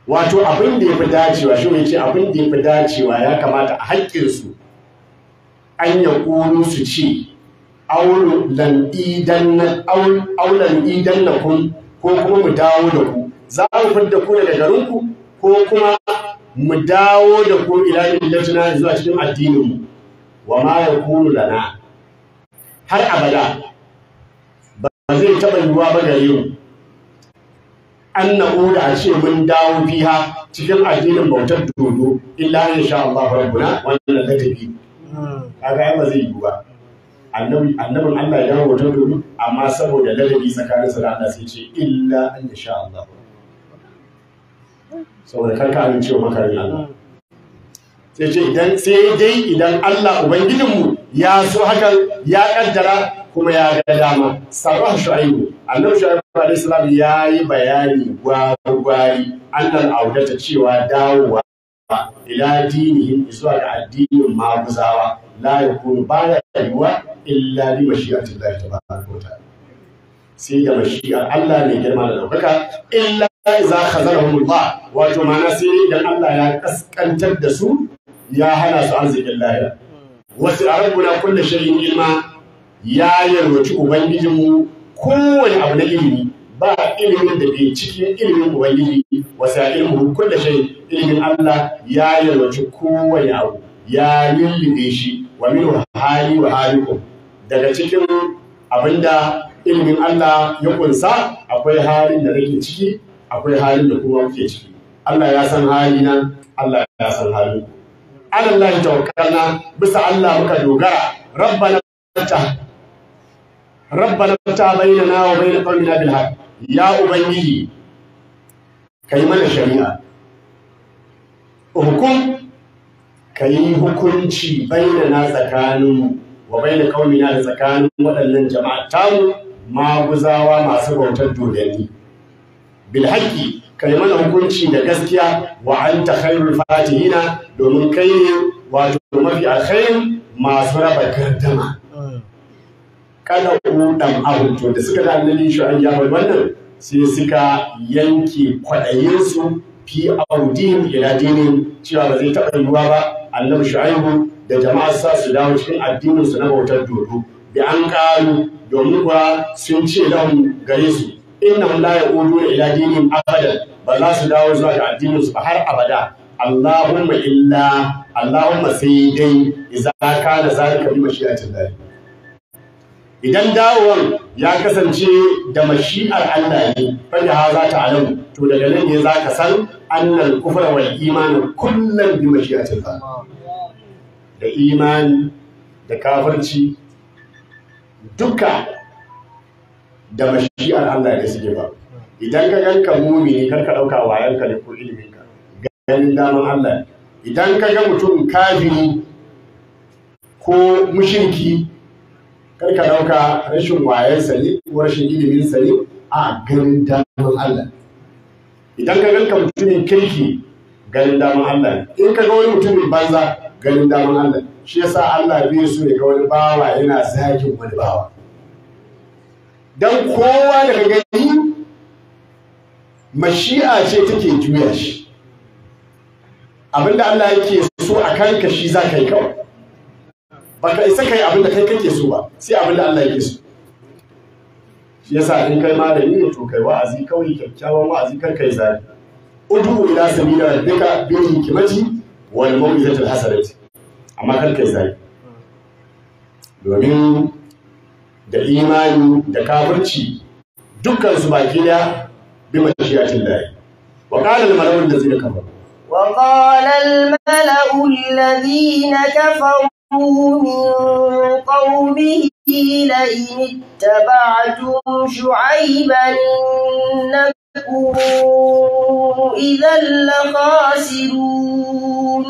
wato abin da ya fi dacewa shi ne ce abin da ya fi dacewa ya kamata a haƙƙinsu an ya kuru su ce aulan idan na kun ko kuma mu dawo da ku za mu fidda ku daga garinku ko kuma mu dawo da ku ila millatina zuwa cikin addininmu wa ma لنا na? har abada ba zai taɓa yiwuwa ba gare من an فيها a ce mun dawo fiha cikin addinin bautar dodo illa in sha Allah rabbuna wannan da zai yiwu ba Allah ya dawo bautar dodo amma saboda ladabi tsakanin sa da Allah sai ce illa in sha Allah saboda karka amincewa makarin Allah sai ce idan sai dai idan Allah ubangijinmu ya so hakan ya kaddara kuma ya ga dama sabon shu'aibu annabi shu'aibu alaihi salam ya yi bayani gwagwari annal audata cewa dawowa ila dinihin zuwa ga addinin maguzawa la yakunu baya yiwa illa bi mashi'atillahi tabaraka wa ta'ala sai da a Allah ne girma da daukaka illa iza khazarahumullah wato ma'ana sai dan Allah ya kaskantar da su ya hana su arzikin lahira wasu arabuna kulle shirin ilma ya yarwaci ubangijinmu kowane abu na ilimi ba ilimin da ke cikin ilimin ubangiji wasu ilimin kulle shirin ilimin Allah ya yarwaci kowane abu ya lullube shi wa min hali wa halikum daga cikin abinda ilimin Allah ya kunsa akwai halin da nake ciki akwai halin da kuma muke ciki Allah ya san halina Allah ya san halin Allah ya tawakkalna bisa Allah muka dogara rabbana ta rabbana ta bainana wa bain qawmina bil haqq ya ubangiji kai mana shari'a hukum kai hukunci bainana tsakaninmu wa bain qawmina da tsakanin waɗannan jama'a tamu maguzawa masu bautar dodanni bil haqqi kai mana hukunci da gaskiya wa anta khairul fatihina domin kai ne wato mafi alkhair masu raba gardama kada udan abu to da suka da annabi wannan sai suka yanke kwaɗayinsu fi audihim ila dinin cewa ba zai taɓa yiwuwa ba annabi shu'aibu da jama'a sa su dawo cikin addininsu na bautar dodo bi an ƙaru domin kuwa sun ce lahum gare su innahum la yaqulu ila dinin abada ba za su dawo zuwa ga addinin su ba har abada Allahumma illa Allahumma sai dai idza kana zalika bi mashi'atin Allah idan dawowan ya kasance da mashi'ar Allah ne da ha za ta alamu to daga nan ne za ka san annal kufra wal iman kullun bi mashi'atin Allah da imani da kafirci duka da mashi'ar Allah ne suke ba idan ka ganka mumi kar ka ɗauka wayan ka ne ko ilimin ka ganin daman Allah idan ka ga mutum kafiri ko mushinki kar ka dauka rashin sa ne ko rashin ilimin sa ne a ganin daman Allah idan ka ganka mutumin kirki ganin daman Allah in ka ga wani mutumin banza ganin daman Allah shi yasa Allah biyu su ne ga wani bawa yana zagin wani bawa don kowa daga gani mashi'a ce take juya shi abinda Allah yake so a ka shi za ka yi kawai baka isa kai abinda kai kake so ba sai abinda Allah yake so shi yasa in kai malami ne to kai wa'azi kawai kyakkyawan wa'azi kar kai zai udu ila sabila rabbika bi hikmati wal mawizatil hasanati amma kar kai zai domin da imani da kafirci dukkan su baki da bi mashiyatin lahi wa qala al mala'u allazina kafaru wa qala al mala'u allazina kafaru min qaumihi لئن اتبعتم شعيبا إنكم إذا لخاسرون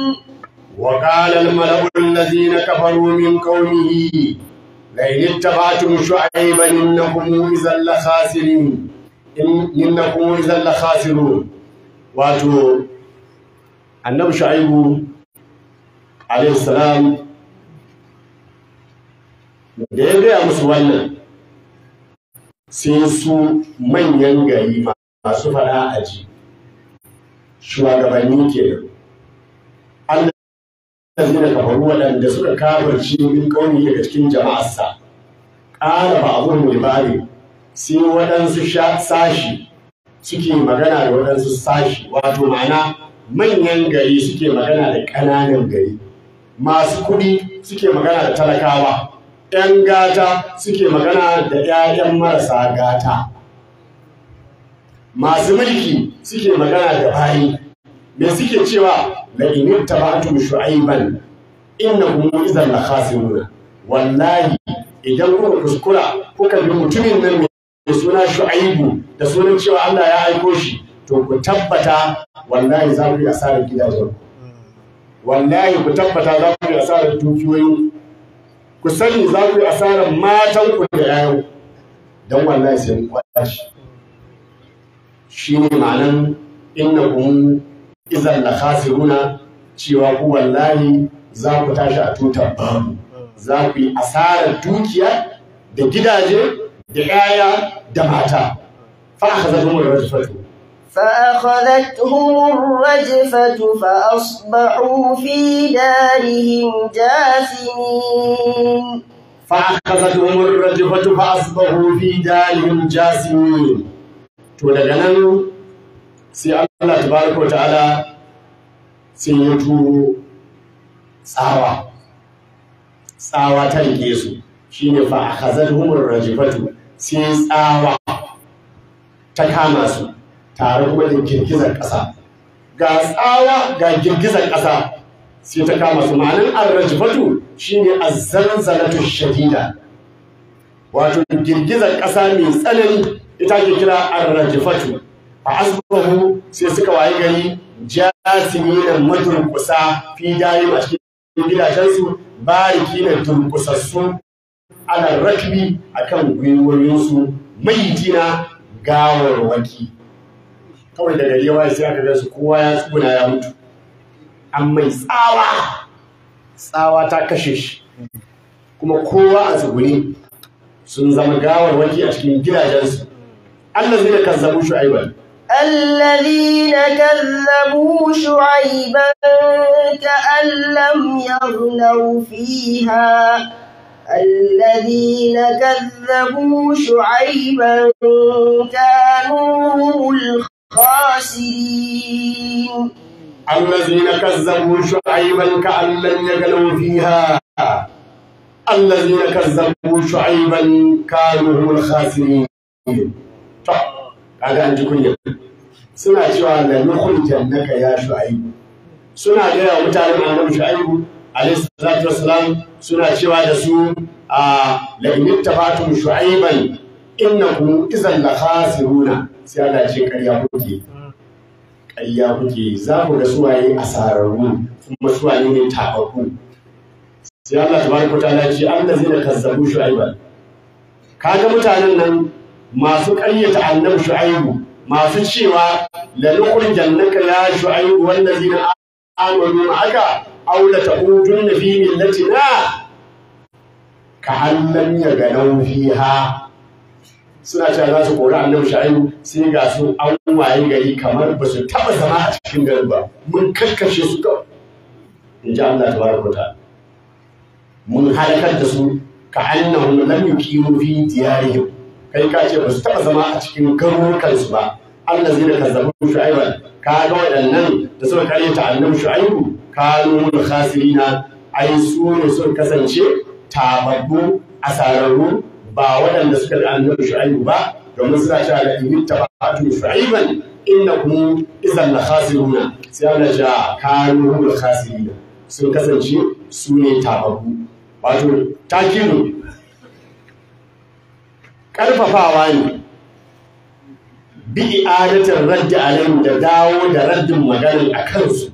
وقال الملأ الذين كفروا من قومه لئن اتبعتم شعيبا انكم اذا لخاسرين انكم اذا لخاسرون واتو النبي شعيب عليه السلام دايما مسوانا gaya من wannan ما سفر manyan شو هذا fara zai da kafaru waɗanda suka kabarci min kauni daga cikin jama'arsa ƙara ba abun mai bari sai waɗansu sashi suke magana da waɗansu sashi wato ma'ana manyan gari suke magana da ƙananan gari masu kuɗi suke magana da talakawa 'yan gata suke magana da 'ya'yan marasa gata masu mulki suke magana da bayi me suke cewa لئن اتبعتم شعيبا إنهم إذا لخاسرون kuka إذا كنت كسكرا كوكا بمتمين من سنة شعيب تسنة شو الله يا أيكوشي to ku tabbata wallahi za ku yi asarar gidajen wallahi ku tabbata za ku yi asarar dukiyoyin ku sani za ku yi asarar matanku da yayan don wallahi sai ku kwashi shi ne ma'anan inna kun idan la khasiruna cewa ku wallahi za ku tashi a tutar babu za ku yi asarar dukiya da gidaje da 'ya'ya da mata fa akhadhahum ar-rajfatu فأخذتهم الرجفة فأصبحوا في دارهم جاثمين فأخذتهم الرجفة فأصبحوا في دارهم جاثمين to daga nan sai Allah tabaraka wa ta'ala sai ya turo tsawa tsawa ta rike su shine fa akhazatuhum rajifatu sai tsawa ta kama su tare kuma da girgizar ƙasa ga tsawa ga girgizar ƙasa sai ta kama su ma'anin arrajifatu shine az-zalzalatu shadida wato girgizar ƙasa mai tsanani ita ke kira arrajifatu a asbahu sai suka wayi gari jasiminan maturkusa fi dayin a cikin gidajensu barikinan turkusassu ana rakbi akan gwiwoyinsu maitina gawarwaki kawai daga yawa sai aka gasu kowa ya tsuna ya mutu an mai tsawa tsawa ta kashe shi kuma kowa a tsuguni sun zama gawar wanki a cikin gidajensu Allah zai da kan zabu shu'aibar الذين كذبوا شعيبا كأن لم يغنوا فيها الذين كذبوا شعيبا كانوا هم الخاسرين الذين كذبوا شعيبا كأن لم يغنوا فيها الذين كذبوا شعيبا كانوا هم الخاسرين kaga an ji kunya suna cewa la na ka ya shu'aibu suna gaya mutanen annabi shu'aibu alayhi salatu wassalam suna cewa da su a la in ittafatum shu'aiban innakum idan la khasiruna sai Allah ce kariya kuke kariya kuke za ku da suwaye asararru kuma suwaye ne tabaku sai Allah tabaraka ta'ala ce annazina kazzabu shu'aiban kaga mutanen nan masu ƙaryata annabi shu'aibu masu cewa la jannaka ya shu'aibu wallazina amanu aula ta la ta'udunna fi na? ka hallan ya ganan fiha suna cewa za su kori annabi shu'aibu sai ga su an waye gari kamar ba su taba zama a cikin garin ba mun kakkashe su kawai in ji Allah tabaraka ta mun halakar da su ka annahum lam yuqimu fi diyarihim kai ka ce ba su taɓa zama a cikin garurukansu ba Allah zai da kazzabu shu'aiban ka ga waɗannan da suka ta annabi shu'aibu kanu mun khasirina ai su ne sun kasance tababbu asararru ba waɗanda suka da annabi shu'aibu ba domin suna cewa da in tabatu shu'aiban innakum idan la khasiruna sai Allah ya ah, kanu mun khasirina sun kasance su ne tababbu wato takiru ƙarfafawa ne bi adatar raddi alayhim da dawo da raddin maganin a kansu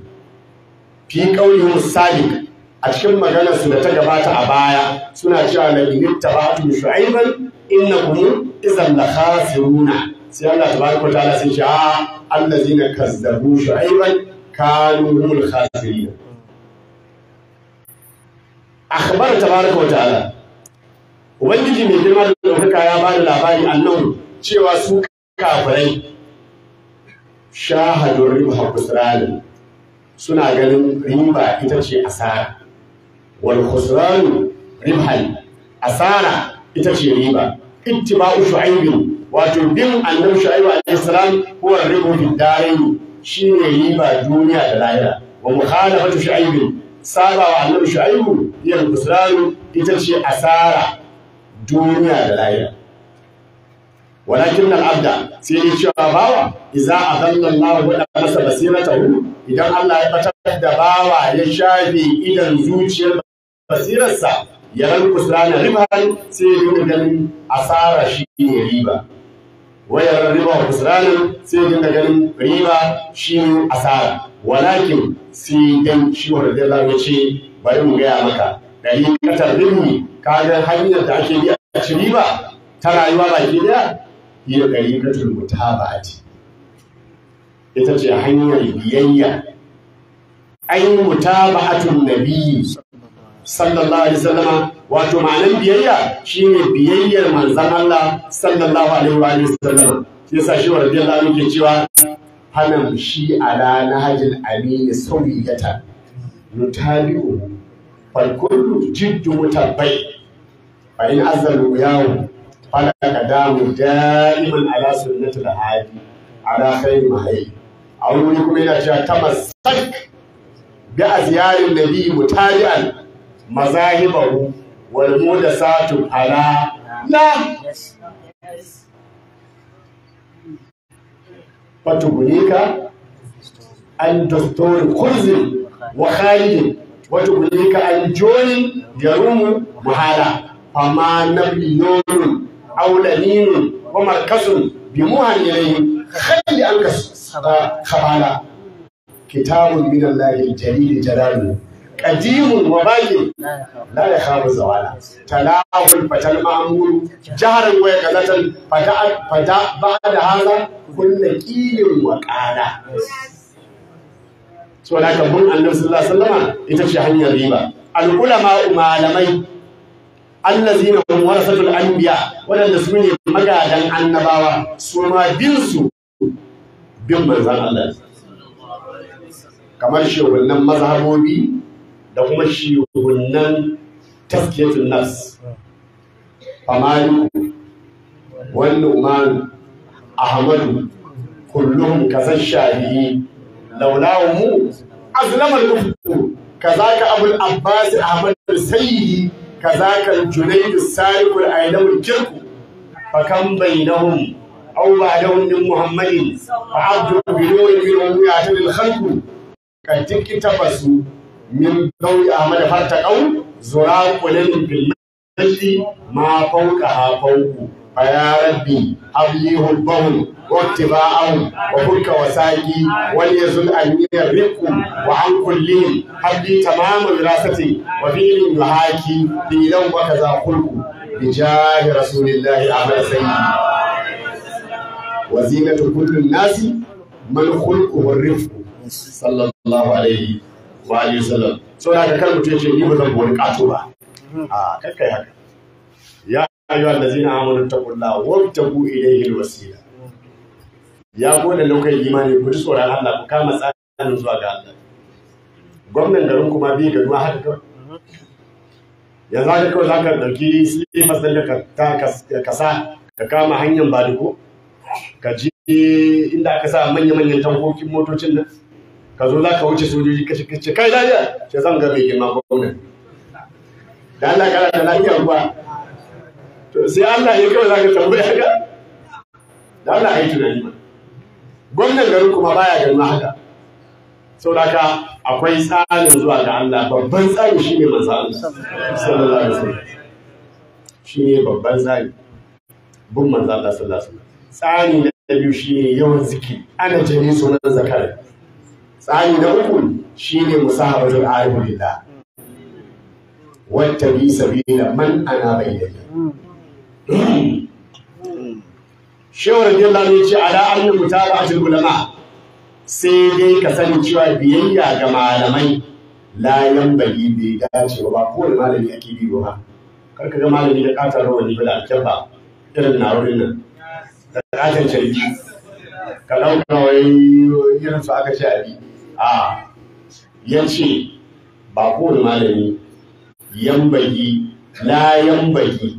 fi ƙauyin sadiq a cikin maganarsu da ta gabata a baya suna cewa la in ittaba'tum shu'ayban innakum idhan la khasiruna sai Allah tabaraka wa ta'ala sai ce a ah, allazina kazzabu shu'ayban kanu hul khasirin akhbar tabaraka wa ta'ala ubangiji mai girma da ɗaukaka ya ba da labari a nan cewa su kafirai shahadun riba kusurani suna ganin riba ita ce asara wal kusuranin ribhan asara ita ce riba ittiba'u shu'aibin wato bin annabi shu'aibu alaihi salam huwa ribu fid shi shine riba duniya da lahira wa mukhalafatu shu'aibin sabawa Sabawa annabi shu'aibu hiya al ita ce asara duniya da lahira walakin Abda sai ya cewa bawa iza a zannan nawa wadda masa basiratahu idan Allah ya batar da bawa ya shafe idan zuciyar basirarsa ya ran kusurana riban sai ya dinga ganin asara shi ne riba wayar riba wa sai ya dinga ganin riba shi ne asara walakin sai dan shi wa ya ce bari mu gaya maka dari katar ka kaga hanyar da ake biya ci riba ta rayuwa ba ke baki daya hiya tariqatul mutaba'ati ita ce hanyar biyayya ai mutaba'atun nabi sallallahu alaihi Sallama, wato ma'anar biyayya shi ne biyayyar manzan Allah sallallahu alaihi ya sa shi wa radiyallahu anhu ke cewa hanan shi a ala nahajil amini sawiyatan nutabi'u fal kullu jiddu mutabai fa in azzalu yawo fala ka damu daliman ala sunnatul hadi ala khairu mahayi a wani wuri kuma yana cewa tamassak bi azyarin nabi mutari'an mazahibahu wal mudasatu ala la fatubulika an dastori kurzin wa an amma biyoyin aulaninu kuma kasu bi muhan yanayi kai an ka kabala kitabun min Allah ya da jalalu qadimun wa baqi na ya kawo zawala talahul fatal ma'mur jaharan wa kalatan fata fata ba'da hala kullu qilin wa qala so la kabun annabi sallallahu alaihi wasallam ita ce hanyar riba Al'ulama, ulama malamai allazina hum warasatul anbiya wadanda su ne magadan annabawa su ma bin su bin manzan Allah kamar shehunan mazhabobi da kuma shehunan tafkiyatun nas famaliku wani umaru ahmadu kullum kazan shafi'i laulawan mu azlamar ka kazaka abul abbas ahmadu sayyidi Ka za ka rikice zai fi sa'idu a Aina muke ku. Ka kamban da hunu, Allah Muhammadu. Ka abu da hununnin mun yi a hadunan hannu. Ka jikita fa su yin lauya madafar ta ƙau. Za ku na min ma bauta a فيا ربي أبلي هلبهم واتباعهم وفك وساقي وليزل أني الرق وعن كلهم أبلي تمام وراستي وفيني محاكي دينا وكذا خلق بجاه رسول الله أعمل سيدي وزينة كل الناس من خلقه الرفق صلى الله عليه وآله وسلم. سورة كلمة تجي يقول لك أتوبة. آه كيف كيف يا ayyuhal ladzina amanu taqullaha wabtagu ilayhi alwasila ya gode lokacin imani ku tsoron Allah ku kama tsarin zuwa ga Allah gwamnan garin kuma bi ga duwa haka kawai Ya haka kawai za ka ɗauki silifas ɗin da kasa ka kama hanyar baliko ka ji inda aka sa manya-manyan tankokin motocin nan ka zo za ka wuce sojoji ka ce kai lafiya ce zan ga mai girma gwamnan da Allah kana da lafiya ruwa to sai Allah ya kawai zaka tambaya ga da Allah ya tunani ba gwamnan garin kuma baya garin haka saboda ka akwai tsarin zuwa ga Allah babban tsari shine manzo Allah sallallahu alaihi wasallam shine babban tsari bin manzo Allah sallallahu alaihi wasallam tsari na biyu shine yawan ziki. ana jami sunan zakar tsari na uku shine musahabatul arifillah wattabi sabila man ana bayyana shewar radiyallahu ya ce ala ta mutaba'atul ulama sai dai ka sani cewa biyayya ga malamai la yanbaghi bai dace ba ba kowane malami ake bi ba kar ka ga malami da katar ne ba da ba irin na wurin nan da katar shari'i ka dauka wai irin su aka ce abi a yace ba kowane malami yan yanbaghi la yanbaghi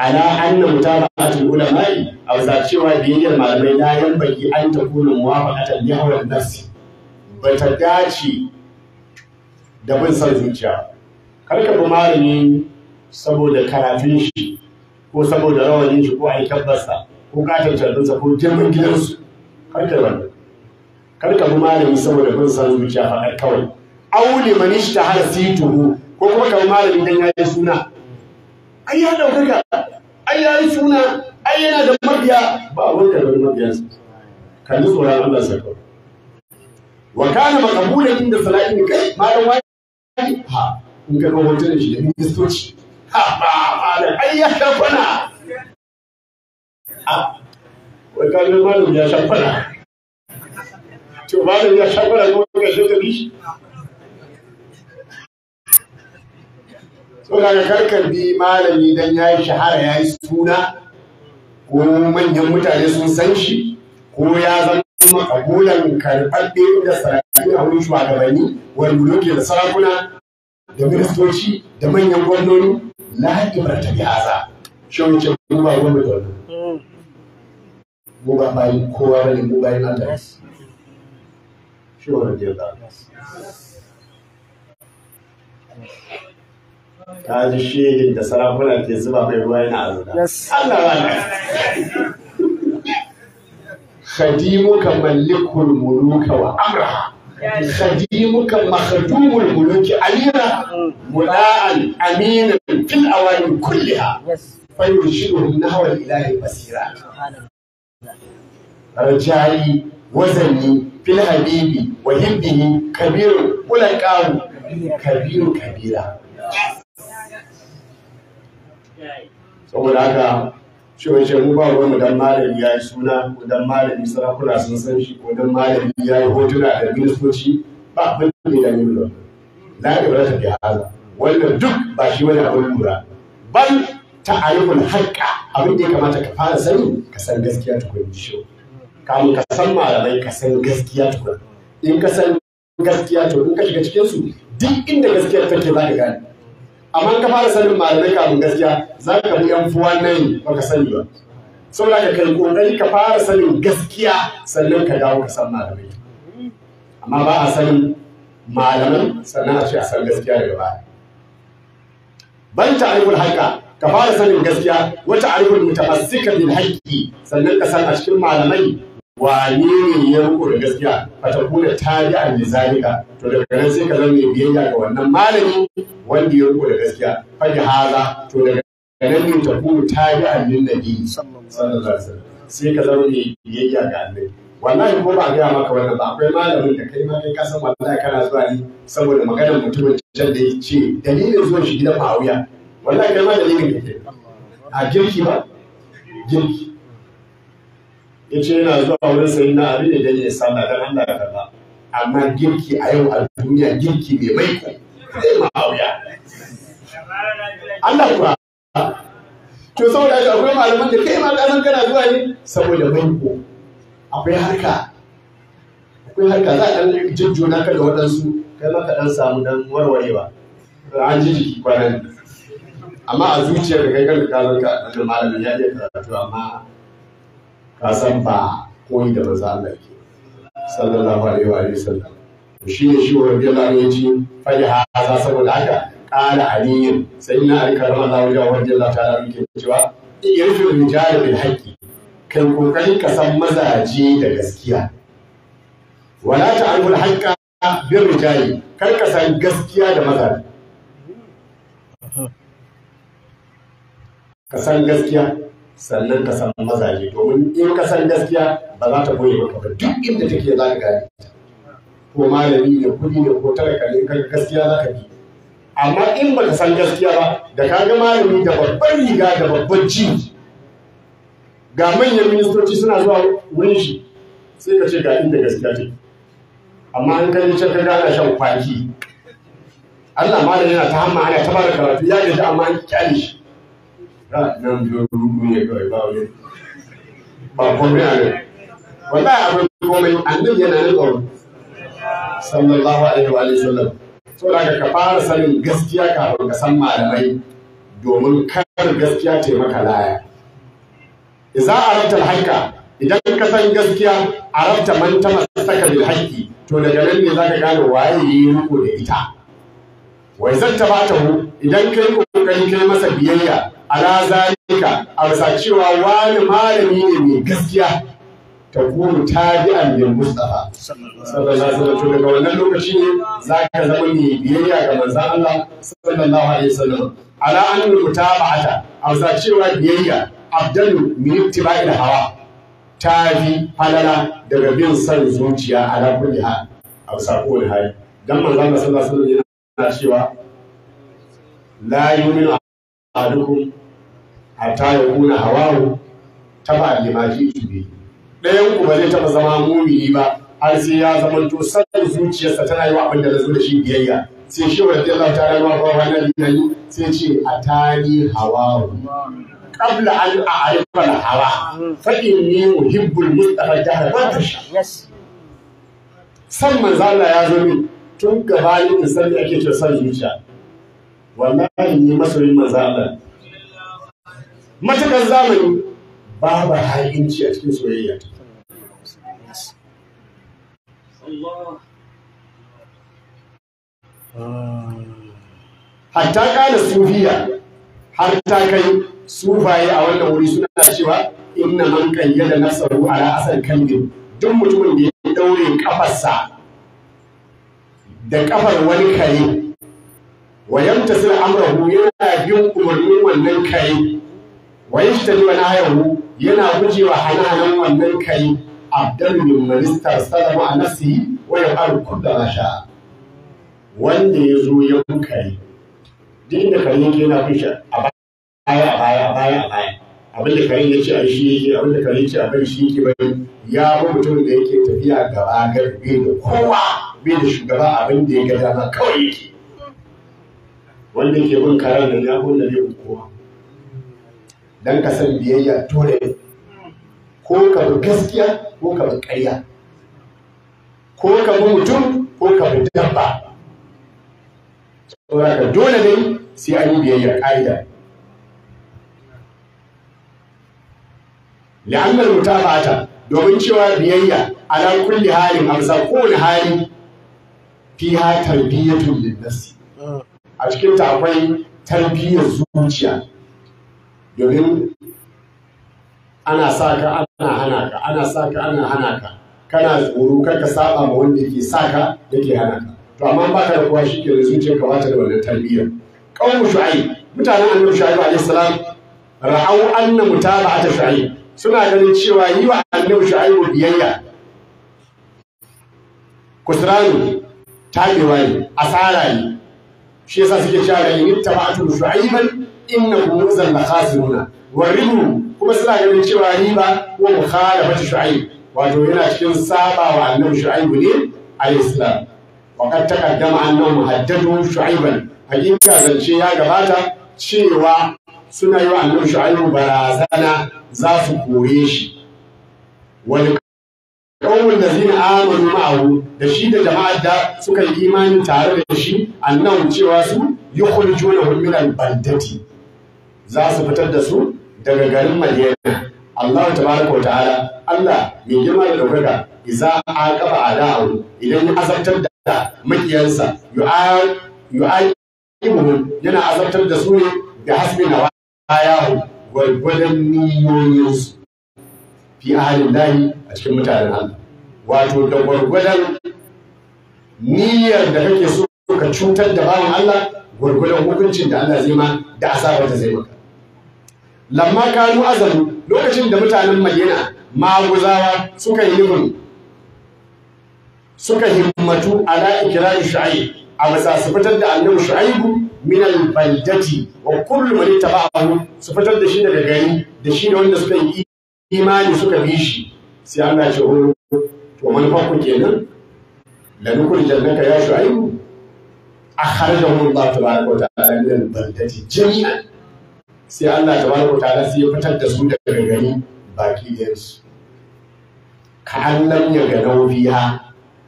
ala anna mutaba'atul ulama a wasa cewa biyayyar malamai la baki an takuna muwafaqatan li hawan nafsi bata dace da bin san zuciya kar ka bi malami saboda karatun shi ko saboda rawanin shi ko aikabarsa ko katin tarbinsa ko girman gidansu kar ka wannan bi malami saboda bin san zuciya fa kawai auli man ishtahara situ ko kuma ka malami dan yayi suna ai ya ɗaukaka ai ya yi suna ai yana da mabiya ba abin da wani mabiyansa kalli tsoron Allah sa kawai wa kana maqbulan inda salatin kai malam wani ha in ka ga hoton shi da ministoci ha ba da ai ya shafana wai ka ga malam ya shafana to malam ya shafana ko ka shaka bishi so daga karkar bi malami dan ya yi shahara ya yi suna ko manyan mutane sun san shi ko ya zama makabulan karɓaɓɓe da sarakuna a wurin shugabanni wani buloki da sarakuna da ministoci da manyan gwamnoni na haƙƙi barta bi haza shi wuce mu ba gwamnati wannan mu ba bayi kowa ba ne mu bayi Allah shi wannan da ta ji shehin da sarakuna ke zuba mai ruwa yana azuna Allah rana khadimuka malikul muluka wa amraha khadimuka makhdumul muluki alira muda'an aminan fil awani kulliha fa yurshidu nahwa ilahi basira rajayi wazani fil habibi wa hibbihi kabiru ulaqahu kabiru kabira saboda haka cewa ce mu ba ruwan dan malami ya yi suna ko dan malami sarakuna sun san shi ko dan malami ya yi hotuna da ministoci ba abin da ya yi ba na da rasa da haza wanda duk ba shi wani abin lura bal ta'arifun haƙƙa abin da ya kamata ka fara sani ka san gaskiya tukun shi kamun ka san malamai ka san gaskiya tukun in ka san gaskiya to in ka shiga cikinsu, duk inda gaskiya take za ka gane amma ka fara sanin malamai kafin gaskiya za ka bi yan fuwa nan ba ka sani ba saboda ka kai kokari ka fara sanin gaskiya sannan ka dawo ka san malamai amma ba a sanin malaman sannan a ce a san gaskiya daga baya ban ta'ariful haqa ka fara sanin gaskiya wata ariful mutamassika bin haqqi sannan ka san a cikin malamai wane ne ya riko da gaskiya fa ta kuna tabi'an li zalika to daga nan sai ka zama mai biyayya ga wannan malami wanda ya riko da gaskiya fage hara haza to daga nan ne ta kuna tabi'an lin nabi sai ka zama mai biyayya ga annabi wallahi ko ba gaya maka wannan ba akwai malamin da kai ma kai ka san wallahi kana zuwa ni? saboda maganar mutumin can da ya ce dalilin zuwan shi gidan Muawiya wallahi kai ma dalilin kake a girki ba girki Yace yana zuwa wurin sayi na abin ne don ya sallah dan Allah da ba, amma girki a yau a duniya girki mai maiko zai ma'auya Allah kuwa to saboda haka akwai malaman da kai ma san kana zuwa ne saboda ko akwai harka akwai harka za a ɗan na ka da waɗansu kai maka ɗan samu dan warwarewa an ji jiki kwanan amma a zuciyar da kai kan ka zanka a malamin ya iya karatu amma ka san ba koyi da maza Allah ke sallallahu alaihi wa sallam shi ne shi wa rabiyallahu ya ce fadi haza saboda haka ƙara aliyin sai na alkarar Allah wajen wajen Allah ta ranar ke cewa irfin rijali bil haqqi kai kokarin ka san mazaje da gaskiya wala ta'riful haqqa bil rijali kar ka san gaskiya da mazaje ka san gaskiya sannan ka san mazaje domin in ka san gaskiya ba za ta goye maka ba duk inda take za ka gane ko malami ne kudi ne ko talaka ne kai gaskiya za ka bi amma in ba ka san gaskiya ba da ka ga malami da babban riga da babban ji ga manyan ministoci suna zuwa wurin shi sai ka ce ga inda gaskiya take amma an kai can ka gana shan kwaki Allah malami yana ta hamma ana ta bada karatu ya gaji amma an kyale shi nan biyo rubu ne kawai ba wani ba komai a nan wallahi abin komai annabi yana nan kawai sallallahu alaihi wa sallam so da ka fara sanin gaskiya kafin ka san malamai domin kar gaskiya ta maka laya idza arabta al idan ka san gaskiya arabta man tamassaka bil haqqi to daga nan ne zaka gane waye yi riko da ita wai zan tabata idan kai kokari kai masa biyayya ala zalika a cewa wani malami ne mai gaskiya ta kuru an bin mustafa sallallahu alaihi wasallam daga wannan lokaci ne zaka zama mai biyayya ga manzon Allah sallallahu alaihi wasallam ala an mutaba'ata a bisa cewa biyayya abdalu min ittiba'il hawa bi halala daga bin son zuciya ala kulli hal a bisa kowane hali dan manzon Allah sallallahu alaihi wasallam yana cewa la yu'minu ahadukum hatta ya kuna hawawu taba limaji tube ɗayan ku ba zai taba zama mumini ba har sai ya zamanto sanin zuciyarsa tana yi wa abin da na zo da shi biyayya sai shi wa Allah ta rama ko wani nan sai ce atani hawawu kabla an a'rifa al-hawa fa inni uhibbu al-mustafa jahra wa tasha san manzo Allah ya zo min tun gaba in san ake ce san zuciya wannan ne masoyin manzo Allah matukar zamani babu ha'inci a cikin soyayya hatta kana sufiya har ta kai sufaye a wannan wuri suna cewa inna man kayyada nasaru ala asal kalbi duk mutumin da ya daure kafarsa da kafar wani kare wa yamtasir amrahu yana bin umarnin wannan kare wa yajtaniba ayahu yana gujewa hananan wannan kai abdan min manista salama a nafsihi wa yaqalu kullu ma sha'a wanda ya zo ya yi. duk da kare yake yana bin shi a baya a baya a baya a baya abin da kare yake a shi yake abin da kare yake a bai shi yake bai ya bi mutum da yake tafiya gaba garbe da kowa bai da shugaba abin da ya ga dama kawai yake wanda yake bin karen nan ya hulna ne kowa don ka san biyayya dole ne ko ka bi gaskiya ko ka bi ƙarya ko ka bi mutum ko ka bi dabba saboda dole ne sai an yi biyayya ƙa'ida la'annar bata, domin cewa biyayya ala kulli halin amsa kowane hali fiha ha lin Linnasi, mm. a cikin ta akwai tarbiyyar zuciya domin ana sa ka ana hana ka ana sa ka ana hana ka kana tsoro kar ka saba ma wanda ke sa ka ke hana ka to amma ba ka da kowa shi ke zuciyar ka kamata da wannan tarbiyyar qawmu shu'aib mutanen annabi shu'aib alayhi salam ra'au anna mutaba'ata shu'ai suna ganin cewa yi wa annabi shu'aib biyayya kusranu tabewa ne asara ne shi yasa suke cewa in ittaba'atu shu'aiban inna kunuzan la khasiruna waribu kuma suna ganin cewa riba wa bata shu'aib wato yana cikin saba wa annabi Shu'aibu ne al-islam wa qad taqaddama annahu muhaddadu shu'aiban hakika zance ya gabata cewa suna yi wa annabi Shu'aibu barazana za su koye shi wani kawun da amanu ma'ahu da shi da jama'ar da suka yi imani tare da shi annahu cewa su yi hum min al-baldati za su fitar da su daga garin madiyana Allah tabaraka wa ta'ala Allah mai girma da daukaka idza aqaba ada'u idan ya azabtar da makiyansa yu'ai yu'ai yana azabtar da su ne da hasbi na ayahu gwargwadon niyoyinsu fi ahalin layi a cikin mutanen Allah wato da gwargwadon niyyar da kake so ka cutar da bawan Allah gwargwadon hukuncin da Allah zai ma da asabar da zai maka lamma kanu azabu lokacin da mutanen madina maguzawa suka yi nufin suka himmatu ala ikirarin sha'ayi a bisa su fitar da annabu shu'aibu min al-baldati wa kullu man ittaba'ahu su fitar da shi daga gari da shi da wanda suka yi imani suka bi shi sai Allah ya ce oh, to manufar ku kenan da nukul jannaka ya shu'aibu akhrajahu Allah tabaraka wa ta'ala min al-baldati jami'an sai Allah da baro tare sai ya fitar da su daga gari baki ɗayansu ka annan ya ga naufiya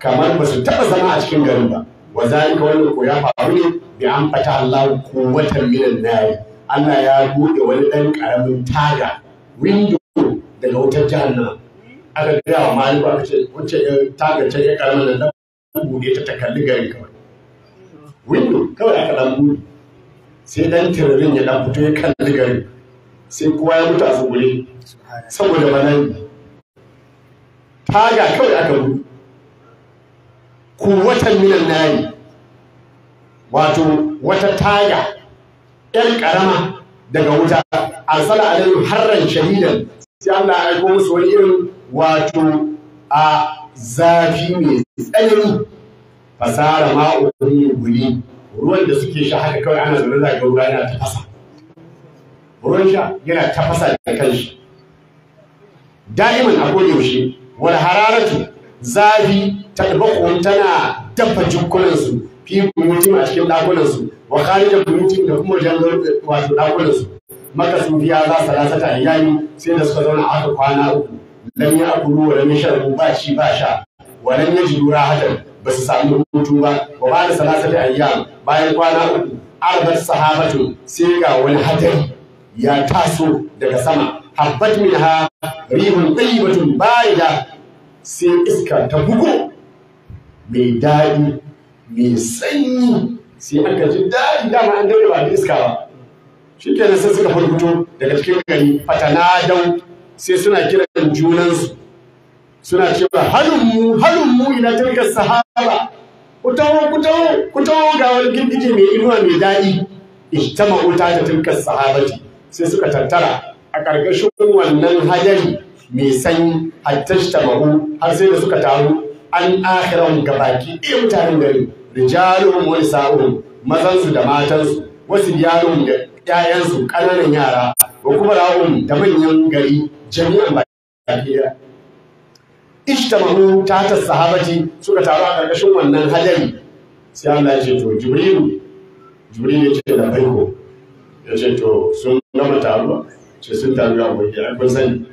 kamar ba su taɓa zama a cikin garin ba wa zalika wannan ko ya faru ne bi an fata Allah kuwatan minan nari Allah ya buɗe wani dan ƙaramin taga window daga wutar jahannama aka gaya wa maliku aka ce wacce taga ce ya ƙaramin nan buɗe ta ta kalli garin kawai window kawai aka ɗan buɗe sai dan tirarin ya dan fito ya kalli gari sai kowa ya mutu a tsugure saboda bala'i taga kawai aka rubu kuwatan minan nayi wato wata taga yan ƙarama daga wuta a a alaihim harran shahidan. sai Allah ya aiko musu wani irin wato a zafi mai tsanani fasara ma'u guri ruwan da suke sha haka kawai ana zaune za ga ruwa yana tafasa ruwan sha yana tafasa da kanshi da'iman a yaushe wani hararatu zafi ta tana dafa jikunansu fi kumuti a cikin ɗakunansu wa da kumuti da kuma wajen wato ɗakunansu maka sun biya za su rasa ta yayi sai da suka zauna aka kwana uku lam ya akulu wa lam ba shi, ba sha wa lam yajidu rahatan ba su sami hutu ba wa ba da salasati ayyam bayan kwana uku arbat sahabatu sai ga wani hadari ya taso daga sama habbat ha rihun tayyibatun bayida sai iska ta bugu mai daɗi mai sanyi sai aka ji daɗi dama an daure ba da iska ba shi kenan sai suka farfito daga cikin gari fatana dau sai suna kiran junansu suna cewa halin mu halin ina tarkar sahaba ku taho ku taho ku taho ga wani girgije mai inuwa mai daɗi ihtama'u ta ta tilka ce. sai suka tattara a ƙarƙashin wannan hadari mai sanyi hattashtamahu har sai da suka taru an akhiran gabaki ɗaya mutanen gari rijaluhum wa mazan mazansu da matansu wasu yaron da ƴaƴansu ƙananan yara ko kuma ra'un um da manyan gari jami'an baki ɗaya ta ta sahabati suka taru a ƙarƙashin wannan hadari sai Allah ya ce to jibrilu jibrilu ya ce da baiko ya ce to sun gama taruwa ce sun taru a gobe a kun sani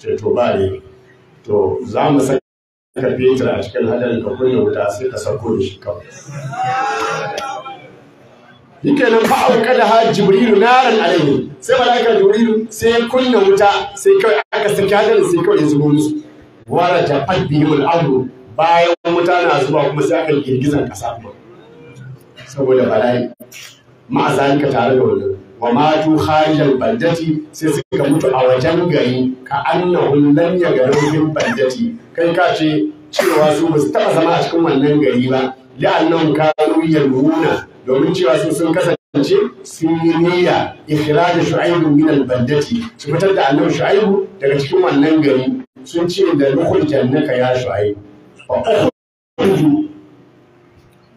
ce to ba ne to za mu saka fitar a cikin hadarin ka kunna wuta sai ka sako da shi kawai yake nan fa auka da ha jibrilu naran alaihi sai malaika jibrilu sai kunna wuta sai kawai aka saki hadarin sai kawai ya zubo musu wala ta fadbihimul amru bayan mutane na zuwa kuma sai aka girgizan kasa kuma saboda bala'i ma ka tare da wannan wa matu kharijal bandati sai suka mutu a wajen gari ka annahum lam bin bandati kai ka ce cewa su ba su taba zama a cikin wannan gari ba ya ka ruya yarmuna domin cewa su sun kasance sun yi niyya ikhraj shu'aibu min al bandati su fitar da annabi shu'aibu daga cikin wannan gari sun ce da rukun jannaka ya shaye.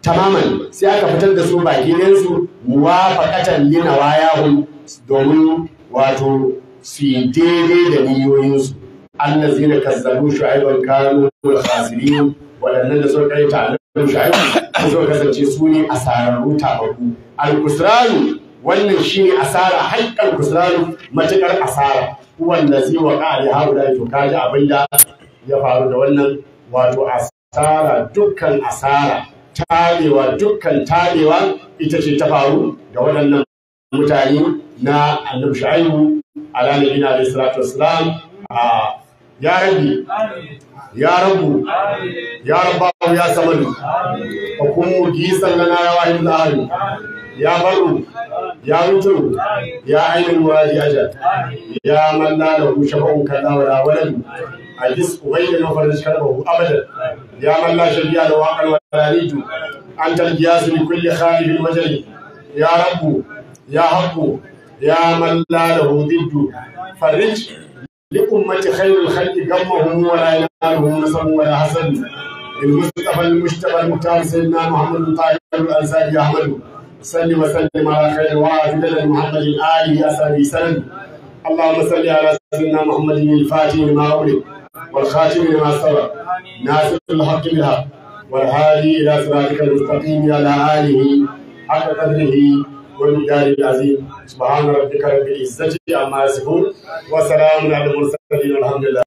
tamaman sai aka fitar da su baki ɗayansu muwafaqatan lina wayahum domin wato su yi daidai da niyoyinsu allazina kazzabu shu'aiban kanu al Kano, waɗannan da sun kai ta annabi shu'aibu sun kasance su ne asararru tabaku al-kusranu wannan shi ne asara haƙƙar kusranu matuƙar asara wanda zai wa ƙari haula to kaji abin da ya faru da wannan wato asara dukkan asara tarewa dukkan tarewa ita ce ta faru da waɗannan mutane na annabi shu'aibu a ranar na alayhi salatu wassalam a ya rabu, ya rabu ya rabu ya samadu kuma gisan na ya wahidul ya faru ya mutu ya ainihin wari aja ya manna da ku shafa ku kanna wa rawanin a jis ubai da nufarin shi karfa ku abadan ya manna shabiya da wakar wa rari ju an talgiya su ne kulle khalifin wajen ya rabu ya haku ya manna da hudin ju farin li ummati khairul khalqi gammahu wa la ilaha illa huwa nasabu wa la hasan il mustafa al mustafa al muhtar sayyidina muhammad al tahir al ansari ahmadu وسلم وسلم على خير وافد محمد آله وأصحابه سلم اللهم صل على سيدنا محمد الفاتح لما أغلق والخاتم لما سبق ناصر الحق بالحق والهادي إلى صراطك المستقيم على آله حق قدره والمقدار العظيم سبحان ربك رب العزة عما يصفون وسلام على المرسلين والحمد لله